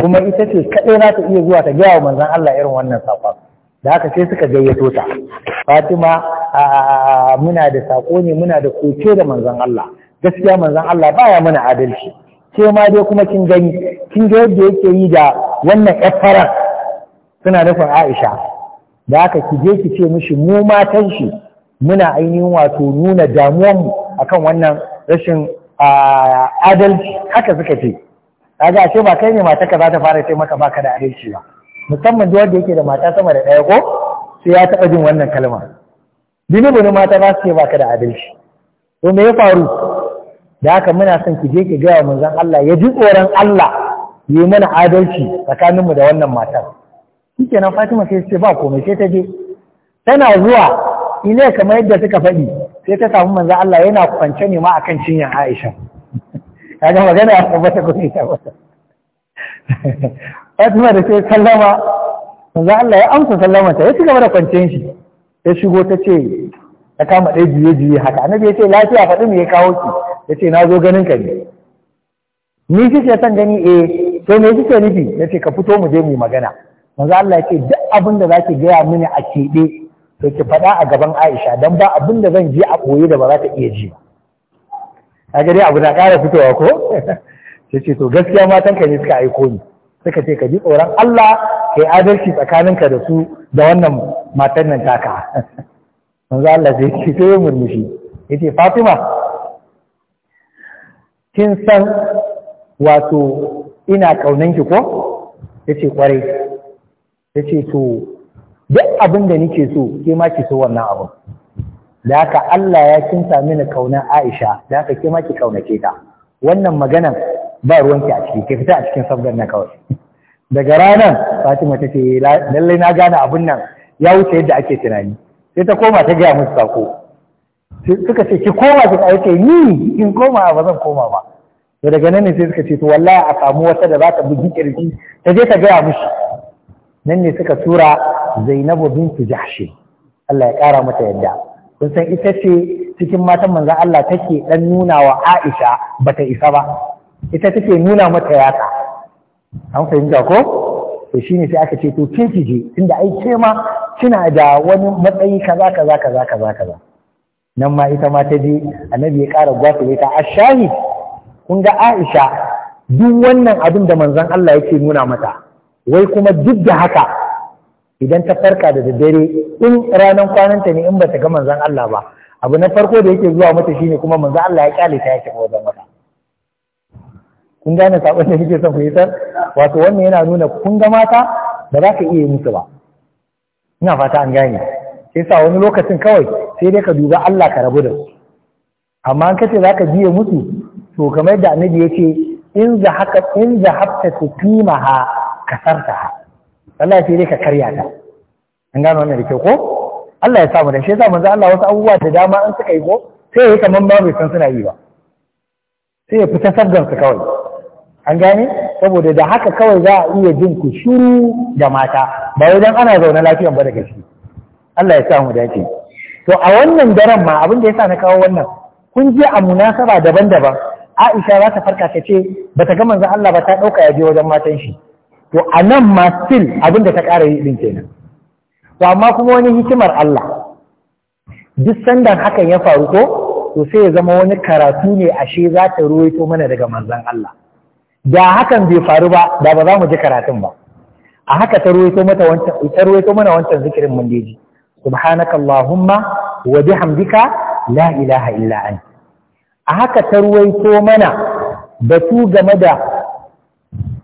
kuma ita ce kaɗai za ta iya zuwa ta gaya wa manzan Allah irin wannan saƙon da haka sai suka gayyato ta Fatima muna da saƙo ne muna da koke da manzan Allah gaskiya manzan Allah baya mana adalci ke ma dai kuma kin gani kin ga yadda yake yi da wannan fara suna nufin Aisha da haka ki je ki ce mishi mu matan shi muna ainihin wato nuna damuwan mu akan wannan rashin adalci haka suka ce kaga ashe ba kai ne mata ka za ta fara sai maka baka da adalci ba musamman duk wanda yake da mata sama da ɗaya ko sai ya taɓa jin wannan kalma bane mata za su ce baka da adalci to me ya faru da haka muna son ki je ki gaya wa manzon Allah ya ji tsoron Allah yi mana adalci tsakaninmu da wannan matar shikenan Fatima sai ce ba komai sai ta je tana zuwa ina kamar yadda suka faɗi sai ta samu manzon Allah yana kwance ne ma akan cinyar Aisha kaga magana a tabbata guri ta wata Fatima da ce sallama manzo Allah ya amsa sallama ta ya ci gaba da kwanciyar shi ya shigo ta ce ta kama ɗaya juye juye haka annabi ya ce lafiya faɗi me ya kawo ki ya ce na zo ganin ka ne ni kike son gani eh to me kike nufi ya ce ka fito mu je mu yi magana manzo Allah ya ce duk abin da zaki gaya mini a keɓe to ki faɗa a gaban Aisha dan ba abin da zan je a ɓoye da ba za ta iya ji ba a gari abu na ƙara fitowa ko ya ce to gaskiya matan ka ne suka aiko ni suka ce ka ji tsoron Allah ka yi adalci tsakaninka da su da wannan matan nan taka manzo Allah zai ce to murmushi yace Fatima kin san wato ina ƙaunanki ko yace kwarai yace to duk abin da nake so ke ma ki so wannan abin da haka Allah ya kinsa mini kaunar Aisha da haka ke ki kaunace ta wannan maganan ba ruwanki a ciki ke fita a cikin sabgar na kawai daga ranar Fatima ta ce lallai na gane abun nan ya wuce yadda ake tunani sai ta koma ta gaya musu sako suka ce ki koma ki tsaye ni in koma ba zan koma ba to daga nan ne sai suka ce to wallahi a samu wata da za ta bugi kirji ta je ta gaya mushi nan ne suka tura Zainabu bintu Jahshi Allah ya kara mata yadda kun san ita ce cikin matan manzan Allah take ɗan nuna wa Aisha ba ta isa ba ita take nuna mata yaka, an fahimta ko to ne sai aka ce to ke kije tunda ai ke ma kina da wani matsayi kaza kaza kaza kaza kaza nan ma ita ma ta je annabi ya ƙara gwafile ta ashahi kun ga Aisha duk wannan abin da manzon Allah yake nuna mata wai kuma duk da haka idan ta farka da daddare in ranar kwananta ne in bata ga manzon Allah ba abu na farko da yake zuwa mata shine kuma manzon Allah ya kyale ta ya wajen mata kun gane sabon da kike son ku wato wannan yana nuna kun ga mata ba za ka iya musu ba ina fata an gane sai sa wani lokacin kawai sai dai ka duba Allah ka rabu da su amma an kace za ka biye musu to kamar da annabi ya ce in za haka in za hafta kasarta kasartaha Allah sai dai ka karya ta an gano wannan da kyau ko Allah ya samu da shi yasa manzo Allah wasu abubuwa da dama an suka yi ko sai ya yi kaman ba bai san suna yi ba sai ya fita sabgan su kawai an gane saboda da haka kawai za a iya jin ku shiru da mata ba wai dan ana zaune lafiyan ba da gaske Allah ya samu shi. to a wannan daren ma abin da ya sa na kawo wannan kun je a munasaba daban-daban Aisha za ta farka ta ce ba ta ga manzon Allah ba ta dauka ya je wajen matan shi to a nan ma still abin da ta ƙara yi ɗin kenan to amma kuma wani hikimar Allah duk sandan hakan ya faru ko to sai ya zama wani karatu ne ashe za ta ruwaito mana daga manzan Allah da hakan bai faru ba da ba za mu ji karatun ba a haka ta ruwaito mata wancan ta ruwaito mana wancan zikirin mun deji subhanaka allahumma wa bihamdika la ilaha illa anta a haka ta ruwaito mana batu game da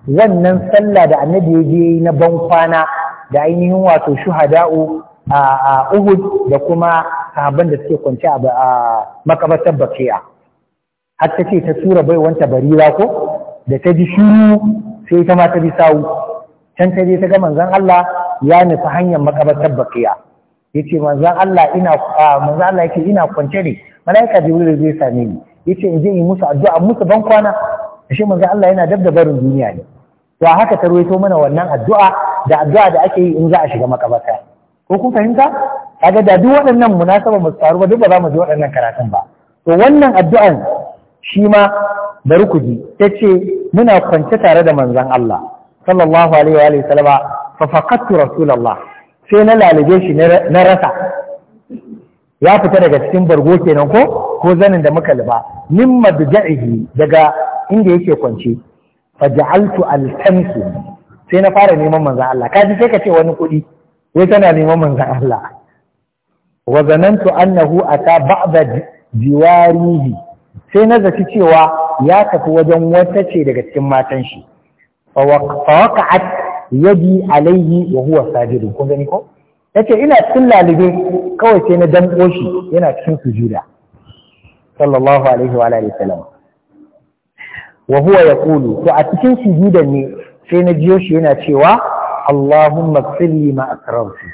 wannan sallah da annabi ya je na ban kwana da ainihin wato shuhada'u a Uhud da kuma sahabban da suke kwance a makabartar Baki'a har ta ce ta tura baiwanta barira ko da ta ji shiru sai ta ma ta bi sawu can ta je ta ga manzon Allah ya nufi hanyar makabartar Baki'a yace manzon Allah ina manzon Allah yake ina kwance ne malaika Jibril zai same ni yace in je in musu addu'a musu ban kwana shi manzon Allah yana dabda barin duniya ne Da haka ta ruwaito mana wannan addu'a da addu'a da ake yi in za a shiga makabarta ko kun fahimta kaga da duk waɗannan munasaba mu faru ba duk ba za mu ji waɗannan karatun ba to wannan addu'an shi ma bari ku ji ce muna kwance tare da manzon Allah sallallahu alaihi wa sallama fa faqattu rasulullah sai na lalube shi na rasa ya fita daga cikin bargo kenan ko ko zanin da muka liba min madja'ihi daga inda yake kwance faj'altu altanku sai na fara neman manzan Allah kaji sai ka ce wani kuɗi sai tana neman manzan Allah wa zanantu annahu ata ba'da jiwarihi sai na zaci cewa ya tafi wajen wata ce daga cikin matan shi fa waqa'at yadi alayhi wa huwa sajidun kun gani ko yace ina cikin lalube kawai sai na danko shi yana cikin sujuda sallallahu alaihi wa alihi wasallam wa huwa yaqulu to a cikin sujudan ne sai na jiyo shi yana cewa Allahumma ighfirli ma asrartu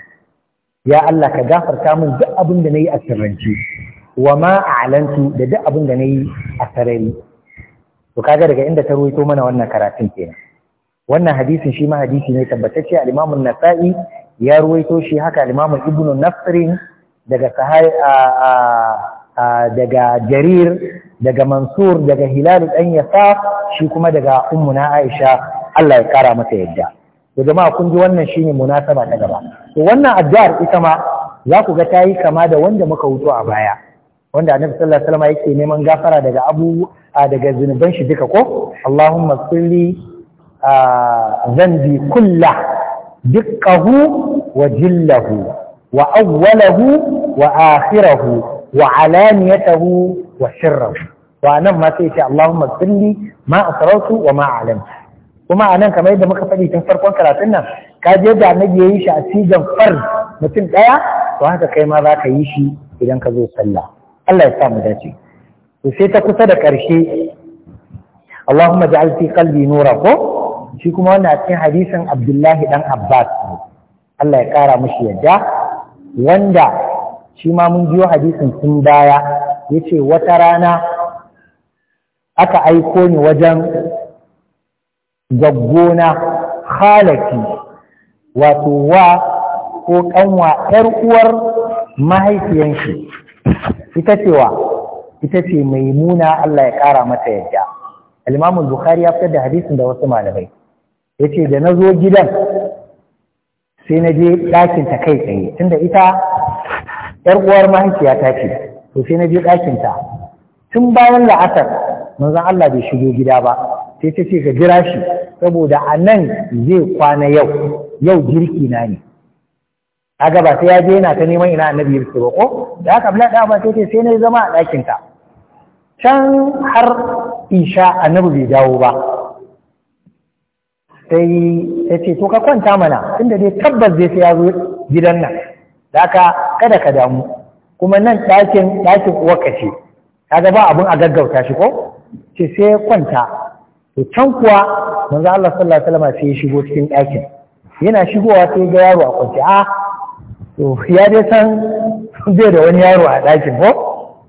ya Allah ka gafarta min duk abin da nayi a sirrance wa ma a'lantu da duk abin da nayi a sarari to kaga daga inda ta ruwaito mana wannan karatun kenan wannan hadisin shi ma hadisi ne tabbatacce al-Imam an-Nasa'i ya ruwaito shi haka al-Imam Ibn Nasr daga sahai daga jarir daga mansur daga hilal dan yasa shi kuma daga ummuna aisha Allah ya kara mata yadda to jama'a kun ji wannan shine munasaba ta gaba to wannan addu'ar ita ma za ku ga tayi kama da wanda muka wuto a baya wanda annabi sallallahu alaihi wasallam yake neman gafara daga abu daga zunuban shi duka ko Allahumma kulli zanbi kulla dukkahu wa jillahu wa awwalahu wa akhirahu wa alaniyatahu wa sirrahu wa nan ma sai ce Allahumma salli ma asrartu wa ma alam kuma anan kamar yadda muka faɗi tun farkon karatun nan ka je da nabi yayi shi a sigan far mutum daya to haka kai ma za ka yi shi idan ka zo sallah Allah ya sa mu dace to sai ta kusa da ƙarshe Allahumma ja'al fi qalbi nura ko shi kuma wannan cikin hadisin Abdullahi dan Abbas Allah ya kara mushi yadda wanda shi ma mun biyo hadisin sun baya ya ce wata rana aka aiko ni wajen gaggona halaki wato wa ko kanwa ‘yar uwar mahaifiyanshi ita cewa ita ce mai muna Allah ya ƙara mata yadda alimamun Bukhari ya fitar da hadisin da wasu malamai ya ce da na zo gidan sai na je ɗakinta kai tsaye tunda ita yar uwar mahaifiya ta ce to sai na je ɗakin ta tun bayan la'asar manzon Allah bai shigo gida ba sai ta ce ka jira shi saboda a nan zai kwana yau yau girki na ne aga ba sai ya je yana ta neman ina annabi yake ba ko da haka bla da ba sai ce sai na zama a ɗakin ta can har isha annabi bai dawo ba sai ta ce to ka kwanta mana tunda dai tabbas zai sai ya zo gidan nan haka kada ka damu kuma nan ɗakin ɗakin uwarka ce kaga ba abin a gaggauta shi ko ce sai kwanta to can kuwa manzo Allah sallallahu alaihi wasallam sai ya shigo cikin ɗakin yana shigowa sai ga yaro a kwance a to ya dai san bai da wani yaro a ɗakin ko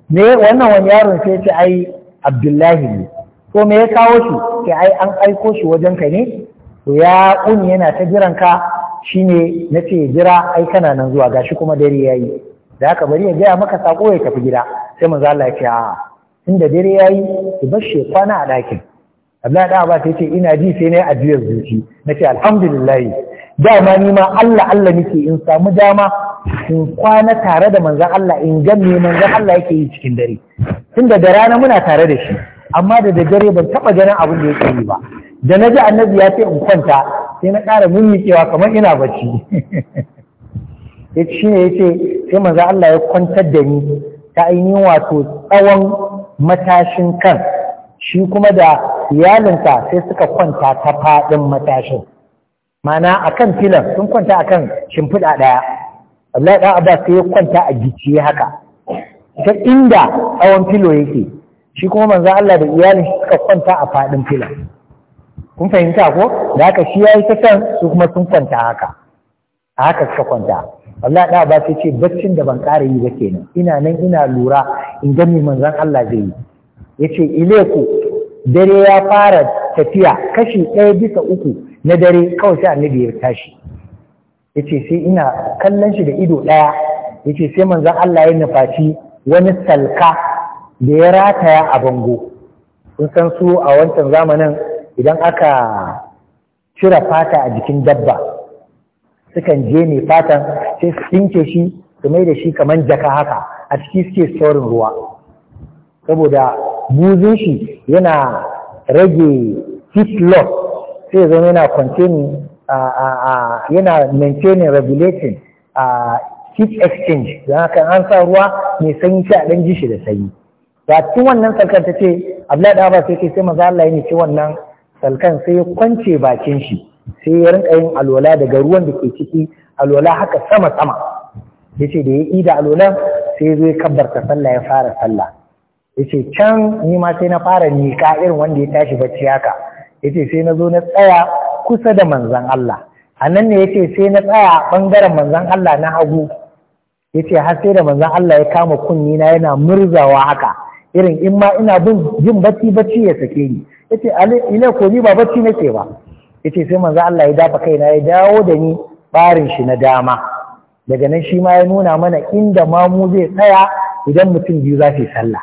me wannan wani yaron sai ce ai Abdullahi ne ko me ya kawo shi sai ai an aiko shi wajen ka ne to ya kun yana ta jiran ka Shi ne na ce jira ai kana nan zuwa gashi kuma dare yayi da haka bari ya gaya maka sako ya tafi gida sai mu Allah ya ce a inda dare yayi ki bar shi kwana a ɗakin Allah da ba sai ce ina ji sai na yi addu'ar zuci na ce alhamdulillah dama ni ma Allah Allah nake in samu dama in kwana tare da manzon Allah in ga me manzon Allah yake yi cikin dare tunda da rana muna tare da shi amma da dare ban taba ganin abin da yake yi ba da naji annabi ya ce in kwanta sai na ƙara mummikewa kamar ina bacci ya shi ne ya ce sai maza Allah ya kwantar da ni ta ainihin wato tsawon matashin kan shi kuma da iyalinsa sai suka kwanta ta faɗin matashin mana akan filan sun kwanta akan shimfiɗa ɗaya Allah ɗan Abbas sai ya kwanta a gici haka ta inda tsawon filo yake shi kuma manzo Allah da iyalin suka kwanta a faɗin filan kun fahimta ko da haka shi ya yi ta san su kuma sun kwanta haka a haka suka kwanta wallahi da ba sai ce baccin da ban ƙara yi ba kenan ina nan ina lura in ga manzon Allah zai yi yace ileku dare ya fara tafiya kashi ɗaya bisa uku na dare kawai sai annabi ya tashi yace sai ina kallon shi da ido ɗaya yace sai manzon Allah ya nufaci wani salka da ya rataya a bango kun san su a wancan zamanin idan aka cire fata a jikin dabba sukan je ne fatan sai su tsince shi su mai da shi kamar jaka haka a ciki suke saurin ruwa saboda buzun shi yana rage heat loss sai zama yana containing yana maintaining regulating heat exchange don haka an sa ruwa mai sanyi sai a ɗan ji shi da sanyi ba tun wannan sarkar ta ce abu da ba sai kai sai maza Allah ya ce wannan salkan sai ya kwance bakin shi sai ya rinka yin alwala daga ruwan da ke ciki alwala haka sama sama yace da ya da alwala sai ya zo ya kabbarta sallah ya fara sallah ce can ni ma sai na fara nika irin wanda ya tashi bacci haka Ya ce sai na zo na tsaya kusa da manzan Allah a nan ne ya ce sai na tsaya bangaren manzan Allah na hagu Ya ce har sai da manzan Allah ya kama kunni na yana murzawa haka irin in ma ina bin bacci bacci ya sake ni yace ina ko ni ba bacci nake ba yace sai manzo Allah ya dafa kaina ya dawo da ni barin shi na dama daga nan shi ma ya nuna mana inda mamu zai tsaya idan mutum biyu za su yi sallah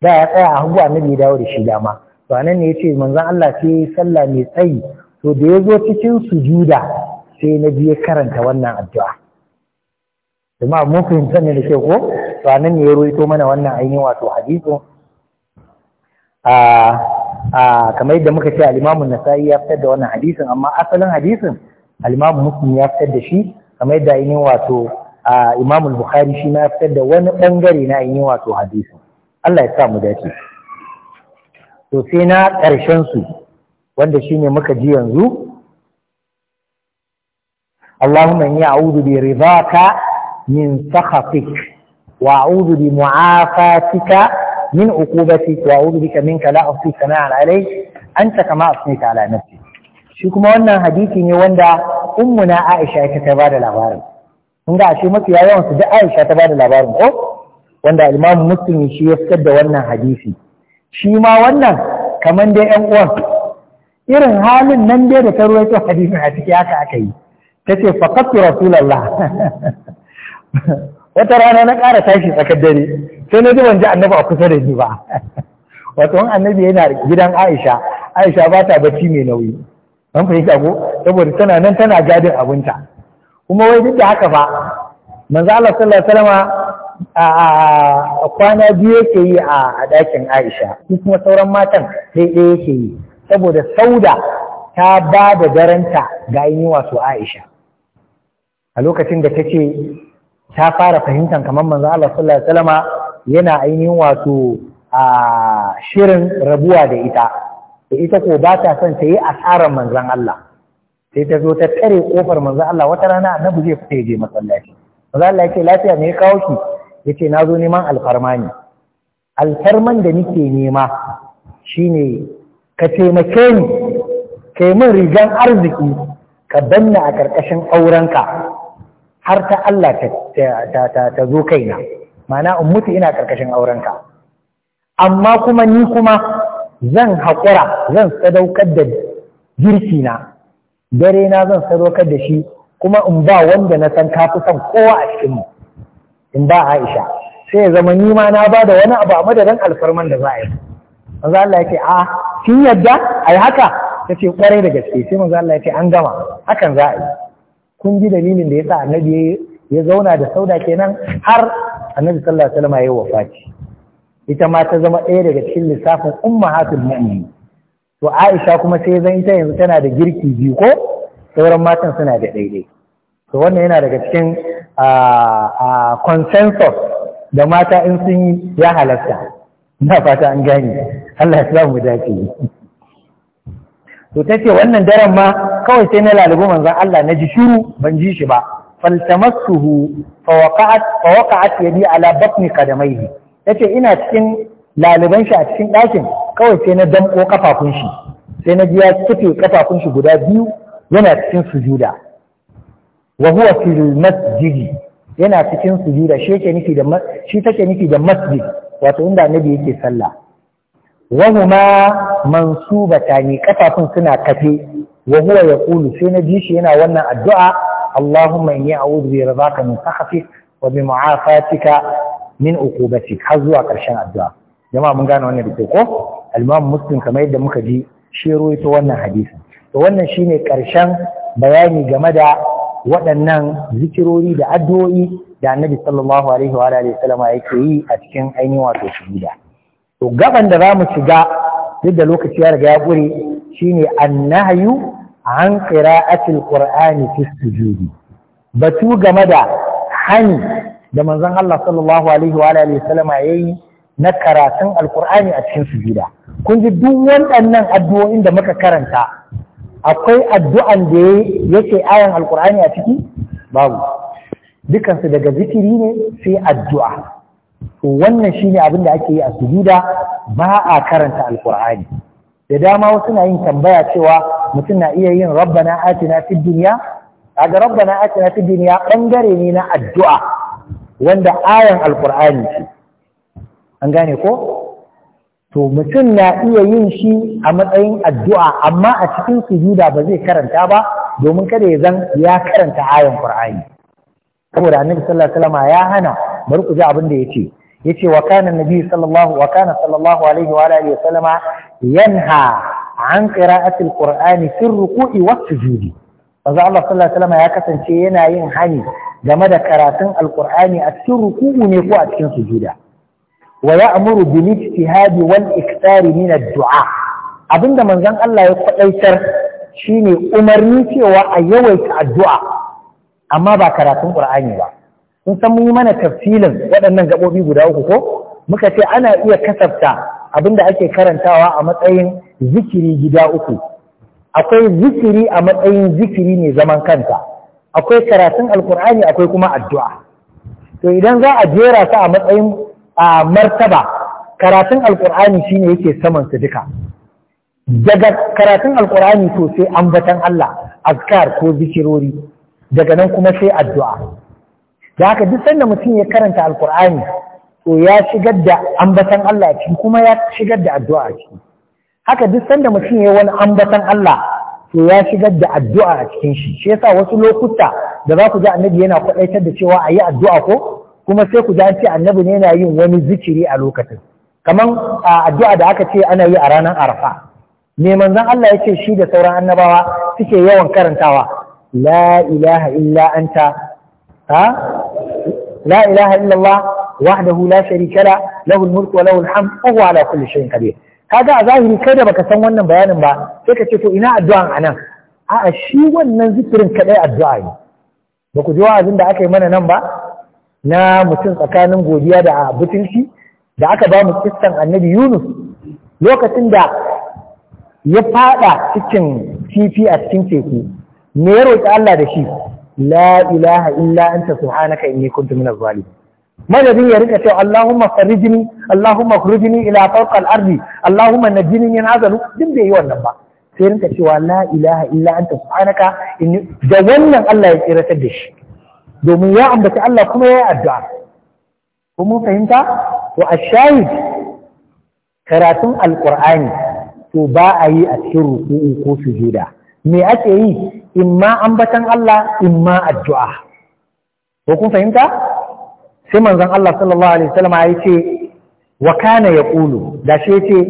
da ya tsaya a hagu annabi ya dawo da shi dama to anan ne yace manzo Allah sai sallah mai tsayi to da ya zo cikin sujuda sai na biye karanta wannan addu'a kuma mun fahimta ne da ke ko to anan ne ya roito mana wannan ainihin wato hadisi a ah, kamar yadda muka ce al-Imam nasai ya fitar da wannan hadisin amma asalin hadisin al-Imam Muslim ya fitar da shi kamar yadda ainihin wato Imam Bukhari shi ma ya fitar da wani bangare na ainihin wato hadisin Allah ya sa mu dace to sai na karshen su wanda shine muka ji yanzu اللهم إني أعوذ برضاك من سخطك وأعوذ بمعافاتك من عقوبتي وأعوذ بك منك لا أصلي ثناء عليك أنت كما أثنيت على نفسي shi kuma wannan hadisi ne wanda ummuna Aisha ita ta bada labarin kun ga ashe mafiya yawan su da Aisha ta bada labarin ko wanda Imam Muslim shi ya fitar da wannan hadisi shi ma wannan kaman dai ƴan uwan irin halin nan dai da ta ruwaito hadisin a ciki haka aka yi tace faqat rasulullah wata rana na ƙara tashi tsakar dare sai na ji ban ji annabi a kusa da ni ba wato annabi yana gidan Aisha Aisha ba ta bacci mai nauyi an fahimta ko saboda tana nan tana gadin abinta kuma wai duk da haka fa manzo Allah sallallahu alaihi a kwana biyu yake yi a dakin Aisha kuma sauran matan sai ɗaya yake yi saboda sauda ta ba da daranta ga yi su Aisha a lokacin da take ta fara fahimtar kamar manzo Allah sallallahu alaihi wasallama yana ainihin wato a shirin rabuwa da ita da ita ko ba ta son ta yi asarar manzan Allah sai ta zo ta tsare ƙofar manzan Allah wata rana annabi zai fita je masallaci manzan Allah ce lafiya ne ya kawo ki ce na zo neman alfarma ne alfarman da nike nema shi ne, ka taimake ni ka yi min rigan arziki ka danna a ƙarƙashin aurenka har ta Allah ta zo kaina mana in mutu ina ƙarƙashin aurenka amma kuma ni kuma zan haƙura zan sadaukar da girki na dare na zan sadaukar da shi kuma in ba wanda na san kafi fi son kowa a cikinmu. in ba Aisha sai ya zama ni ma na ba da wani abu a madadin alfarman da za a yi manzo Allah yake a ah, kin yadda ai haka tace kwarai da gaske sai manzo Allah ce an gama hakan za a yi kun ji dalilin da yasa annabi ya zauna da sauda kenan har annabi sallallahu alaihi wasallam ya wafati ita ma ta zama ɗaya daga cikin lissafin ummahatul mu'minin to Aisha kuma sai zan ita yanzu tana da girki biyu ko sauran matan suna da daidai to wannan yana daga cikin consensus da mata in sun yi ya halatta ina fata an gane Allah ya sa mu dace to tace wannan daren ma kawai sai na lalubu manzon Allah na ji shiru ban ji shi ba faltamassuhu fawaqa'at fawaqa'at yadi ala batni qadamayhi yace ina cikin laliban shi a cikin ɗakin kawai sai na damko kafafun shi sai na ji ya kafafun shi guda biyu yana cikin sujuda wa huwa fil yana cikin sujuda shi yake nufi da shi take nufi da masjid wato inda annabi yake sallah wa huma mansubatani kafafun suna kafe wa huwa yaqulu sai na ji shi yana wannan addu'a Allahumma inni a'udhu bi ridaka min sakhatik wa bi mu'afatika min uqubatik har zuwa ƙarshen addu'a jama'a mun gane wannan da ko al-Imam Muslim kamar yadda muka ji shi ruwaito wannan hadisi to wannan shine karshen bayani game da waɗannan zikirori da addu'o'i da Annabi sallallahu alaihi wa alihi wasallama yake yi a cikin ainihin wato shuhuda to gaban da zamu shiga duk da lokaci ya riga ya ƙure shine annahyu an qira'atil qur'ani fi sujudi batu game da hani da manzon Allah sallallahu alaihi wa alihi wasallama yayi na karatun alqur'ani a cikin sujuda kun ji duk waɗannan addu'o'in da muka karanta akwai addu'an da yake ayan alqur'ani a ciki babu dukansu daga zikiri ne sai addu'a wannan shine abin da ake yi a sujuda ba a karanta alqur'ani da dama wasu na yin tambaya cewa mutum na iya yin rabbana atina fid dunya kaga rabbana atina fi duniya bangare ne na addu'a wanda ayan alƙur'ani ce an gane ko to mutum na iya yin shi a matsayin addu'a amma a cikin sujuda ba zai karanta ba domin kada ya zan ya karanta ayan ƙur'ani. saboda annabi sallallahu alaihi wasallam ya hana bari ku ji abin da yake. yace wa kana nabi sallallahu wa kana sallallahu alaihi wa alihi wasallama yanha an qira'atil qur'ani fi ruku'i wa sujudi manzo Allah sallallahu alaihi wasallam ya kasance yana yin hani game da karatun alƙur'ani a cikin ruku'u ne ko a cikin sujuda wa ya'muru bil ijtihadi wal iktari min ad-du'a abinda manzon Allah ya kwadaitar shine umarni cewa a yawaita addu'a amma ba karatun Al-ƙur'ani ba kun san mun yi mana tafsilin waɗannan gaɓoɓi guda uku ko muka ce ana iya kasafta Abin da ake karantawa a matsayin zikiri gida uku akwai zikiri a matsayin zikiri ne zaman kanta akwai karatun alkur'ani akwai kuma addu'a to idan za a jera ta a matsayin a martaba karatun alkur'ani shine yake saman su duka daga karatun alkur'ani to sai batan Allah azkar ko zikirori daga nan kuma sai addu'a da haka duk sanda mutum ya karanta alkur'ani to ya shigar da ambatan Allah ciki kuma ya shigar da addu'a a ciki haka duk sanda mutum ya yi wani ambatan Allah to ya shigar da addu'a a cikin shi shi yasa wasu lokuta da za ku ji annabi yana kwaɗaitar da cewa a yi addu'a ko kuma sai ku ji an ce annabi ne yana yin wani zikiri a lokacin kaman addu'a da aka ce ana yi a ranar arafa me manzon Allah ya ce shi da sauran annabawa suke yawan karantawa la ilaha illa anta ha la ilaha illallah wahdahu la sharika la lahu al-mulku wa lahu al-hamd wa huwa ala kulli shay'in qadir kaga a zahiri kai da baka san wannan bayanin ba sai ka ce to ina addu'an anan a'a shi wannan zikirin kadai addu'a ne ba ku ji wa'azin da aka yi mana nan ba na mutum tsakanin godiya da butulci da aka ba mu kissan annabi Yunus lokacin da ya fada cikin kifi a cikin teku me ya roƙi Allah da shi la ilaha illa anta subhanaka inni kuntu minaz zalimin madadin ya rika cewa Allahumma farijini Allahumma khrijni ila fawqal ardi Allahumma najini min hadha din bai yi wannan ba sai rinka cewa la ilaha illa anta subhanaka inni da wannan Allah ya tsira da shi domin ya ambaci Allah kuma ya yi addu'a ko mun fahimta to ashahid karatun alqur'ani to ba a yi a cikin ruku'u ko sujuda me ake yi imma ambatan Allah imma addu'a ko kun fahimta sai manzon Allah sallallahu alaihi wasallam ya ce wa kana yaqulu da shi yace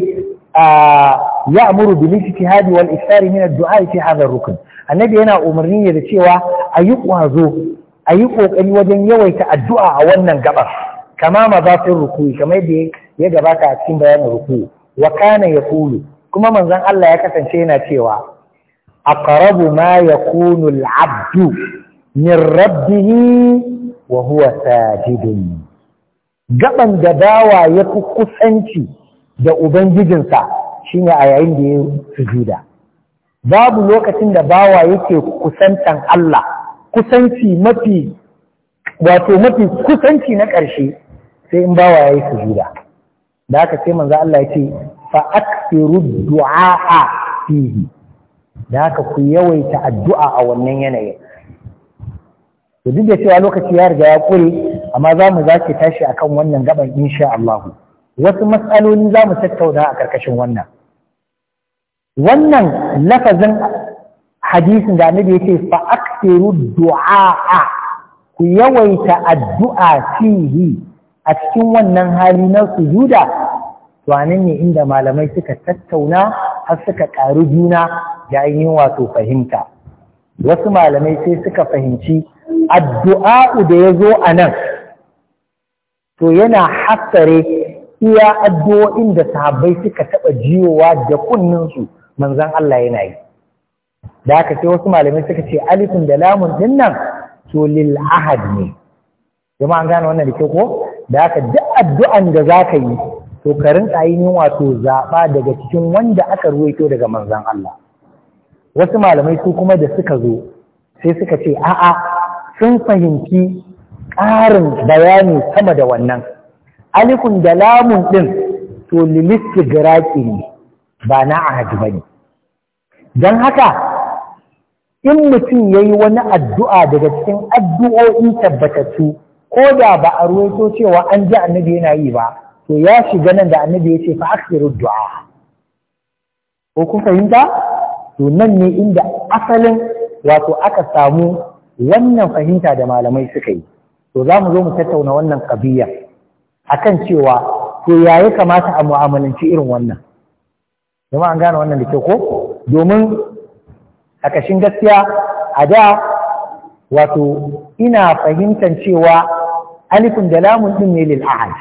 ya'muru bil ijtihadi wal isar min ad-du'a fi hadha ar-rukn annabi yana umarni ne da cewa ayi kwazo ayi kokari wajen yawaita addu'a a wannan gabar kama mazafin ruku'i kamar yadda ya gabata a cikin bayanin ruku'i wa kana yaqulu kuma manzon Allah ya kasance yana cewa aqrabu ma yakunu al-'abdu min rabbihi wa huwa sajidun gaban da bawa ya fi kusanci da ubangijinsa shine a yayin da ya sujuda babu lokacin da bawa yake kusantan Allah kusanci mafi wato mafi kusanci na ƙarshe sai in bawa yayi sujuda da haka sai manzo Allah yake fa akthiru du'a fihi da haka ku yawaita addu'a a wannan yanayin to duk da cewa lokaci ya riga ya kure amma za mu zaki tashi akan wannan gaban insha Allah wasu matsaloli za mu tattauna a karkashin wannan wannan lafazin hadisin da annabi yake fa aktiru du'a ku yawaita addu'a fihi a cikin wannan hali na sujuda to anan ne inda malamai suka tattauna har suka ƙaru juna da ainihin wato fahimta wasu malamai sai suka fahimci addu'a'u da ya zo a nan to yana hassare iya addu'o'in da sahabbai suka taɓa jiyowa da kunninsu manzan Allah yana yi da aka ce wasu malamai suka ce alifin da lamun ɗin nan to lil ahad ne jama'a an gane wannan da ke ko da aka duk addu'an da za ka yi to ka rinka yi wato zaɓa daga cikin wanda aka ruwaito daga manzan Allah wasu malamai su kuma da suka zo sai suka ce a'a sun fahimci ƙarin bayani sama da wannan Alikun da lamun ɗin to lilisti giraki ne ba na haji ba ne don haka in mutum ya yi wani addu'a daga cikin addu'o'i tabbatattu ko da ba a ruwaito cewa an ji annabi yana yi ba to ya shiga nan da annabi ya ce fa aksiru du'a ko kun fahimta to nan ne inda asalin wato aka samu wannan fahimta da malamai suka yi to za mu zo mu tattauna wannan kabiya akan cewa to ya yi kamata a mu'amalanci irin wannan jama'a an gane wannan da ke ko domin a kashin gaskiya a da wato ina fahimtar cewa alifin da lamun din ne lil ahad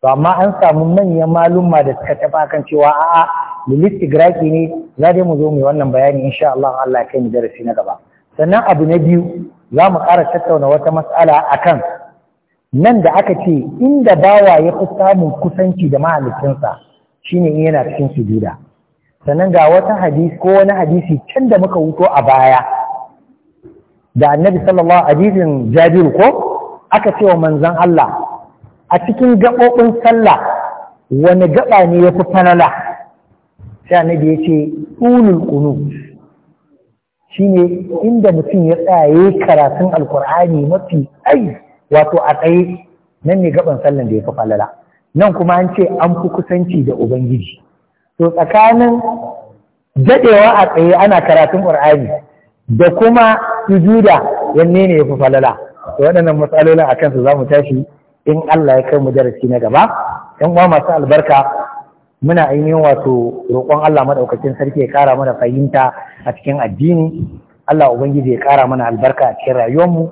to amma an samu manyan malumma da suka tafi akan cewa a'a lil ne za dai mu zo mu wannan bayani insha Allah Allah kai mu darasi na gaba sannan abu na biyu za mu ƙara tattauna wata matsala akan nan da aka ce inda bawa ya fi samun kusanci da mahalicinsa shine in yana cikin sujuda sannan ga wata hadisi ko wani hadisi can da muka wuto a baya da annabi sallallahu alaihi hadisin jabir ko aka ce wa manzon Allah a cikin gaɓoɓin sallah wani gaɓa ne ya fi falala sai annabi ya ce ulul qunut shine inda mutum ya tsaye karatun alkur'ani mafi tsayi wato a tsaye nan ne gaban sallan da ya fi falala nan kuma an ce an fi kusanci da ubangiji to tsakanin dadewa a tsaye ana karatun qur'ani da kuma sujuda wanne ne ya fi falala to waɗannan matsalolin a kansu za mu tashi in Allah ya kai mu darasi na gaba 'yan uwa masu albarka muna ainihin wato roƙon Allah maɗaukakin sarki ya ƙara mana fahimta a cikin addini Allah ubangiji ya ƙara mana albarka a cikin rayuwarmu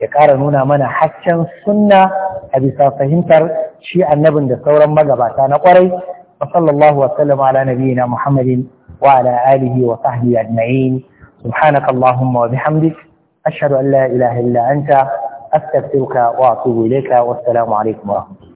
ya ƙara nuna mana haccen sunna a bisa fahimtar shi annabin da sauran magabata na ƙwarai wa sallallahu wa sallama ala nabiyyina muhammadin wa ala alihi wa sahbihi ajma'in subhanaka allahumma wa bihamdik ashhadu an la ilaha illa anta astaghfiruka wa atubu ilayka wassalamu alaikum wa rahmatullahi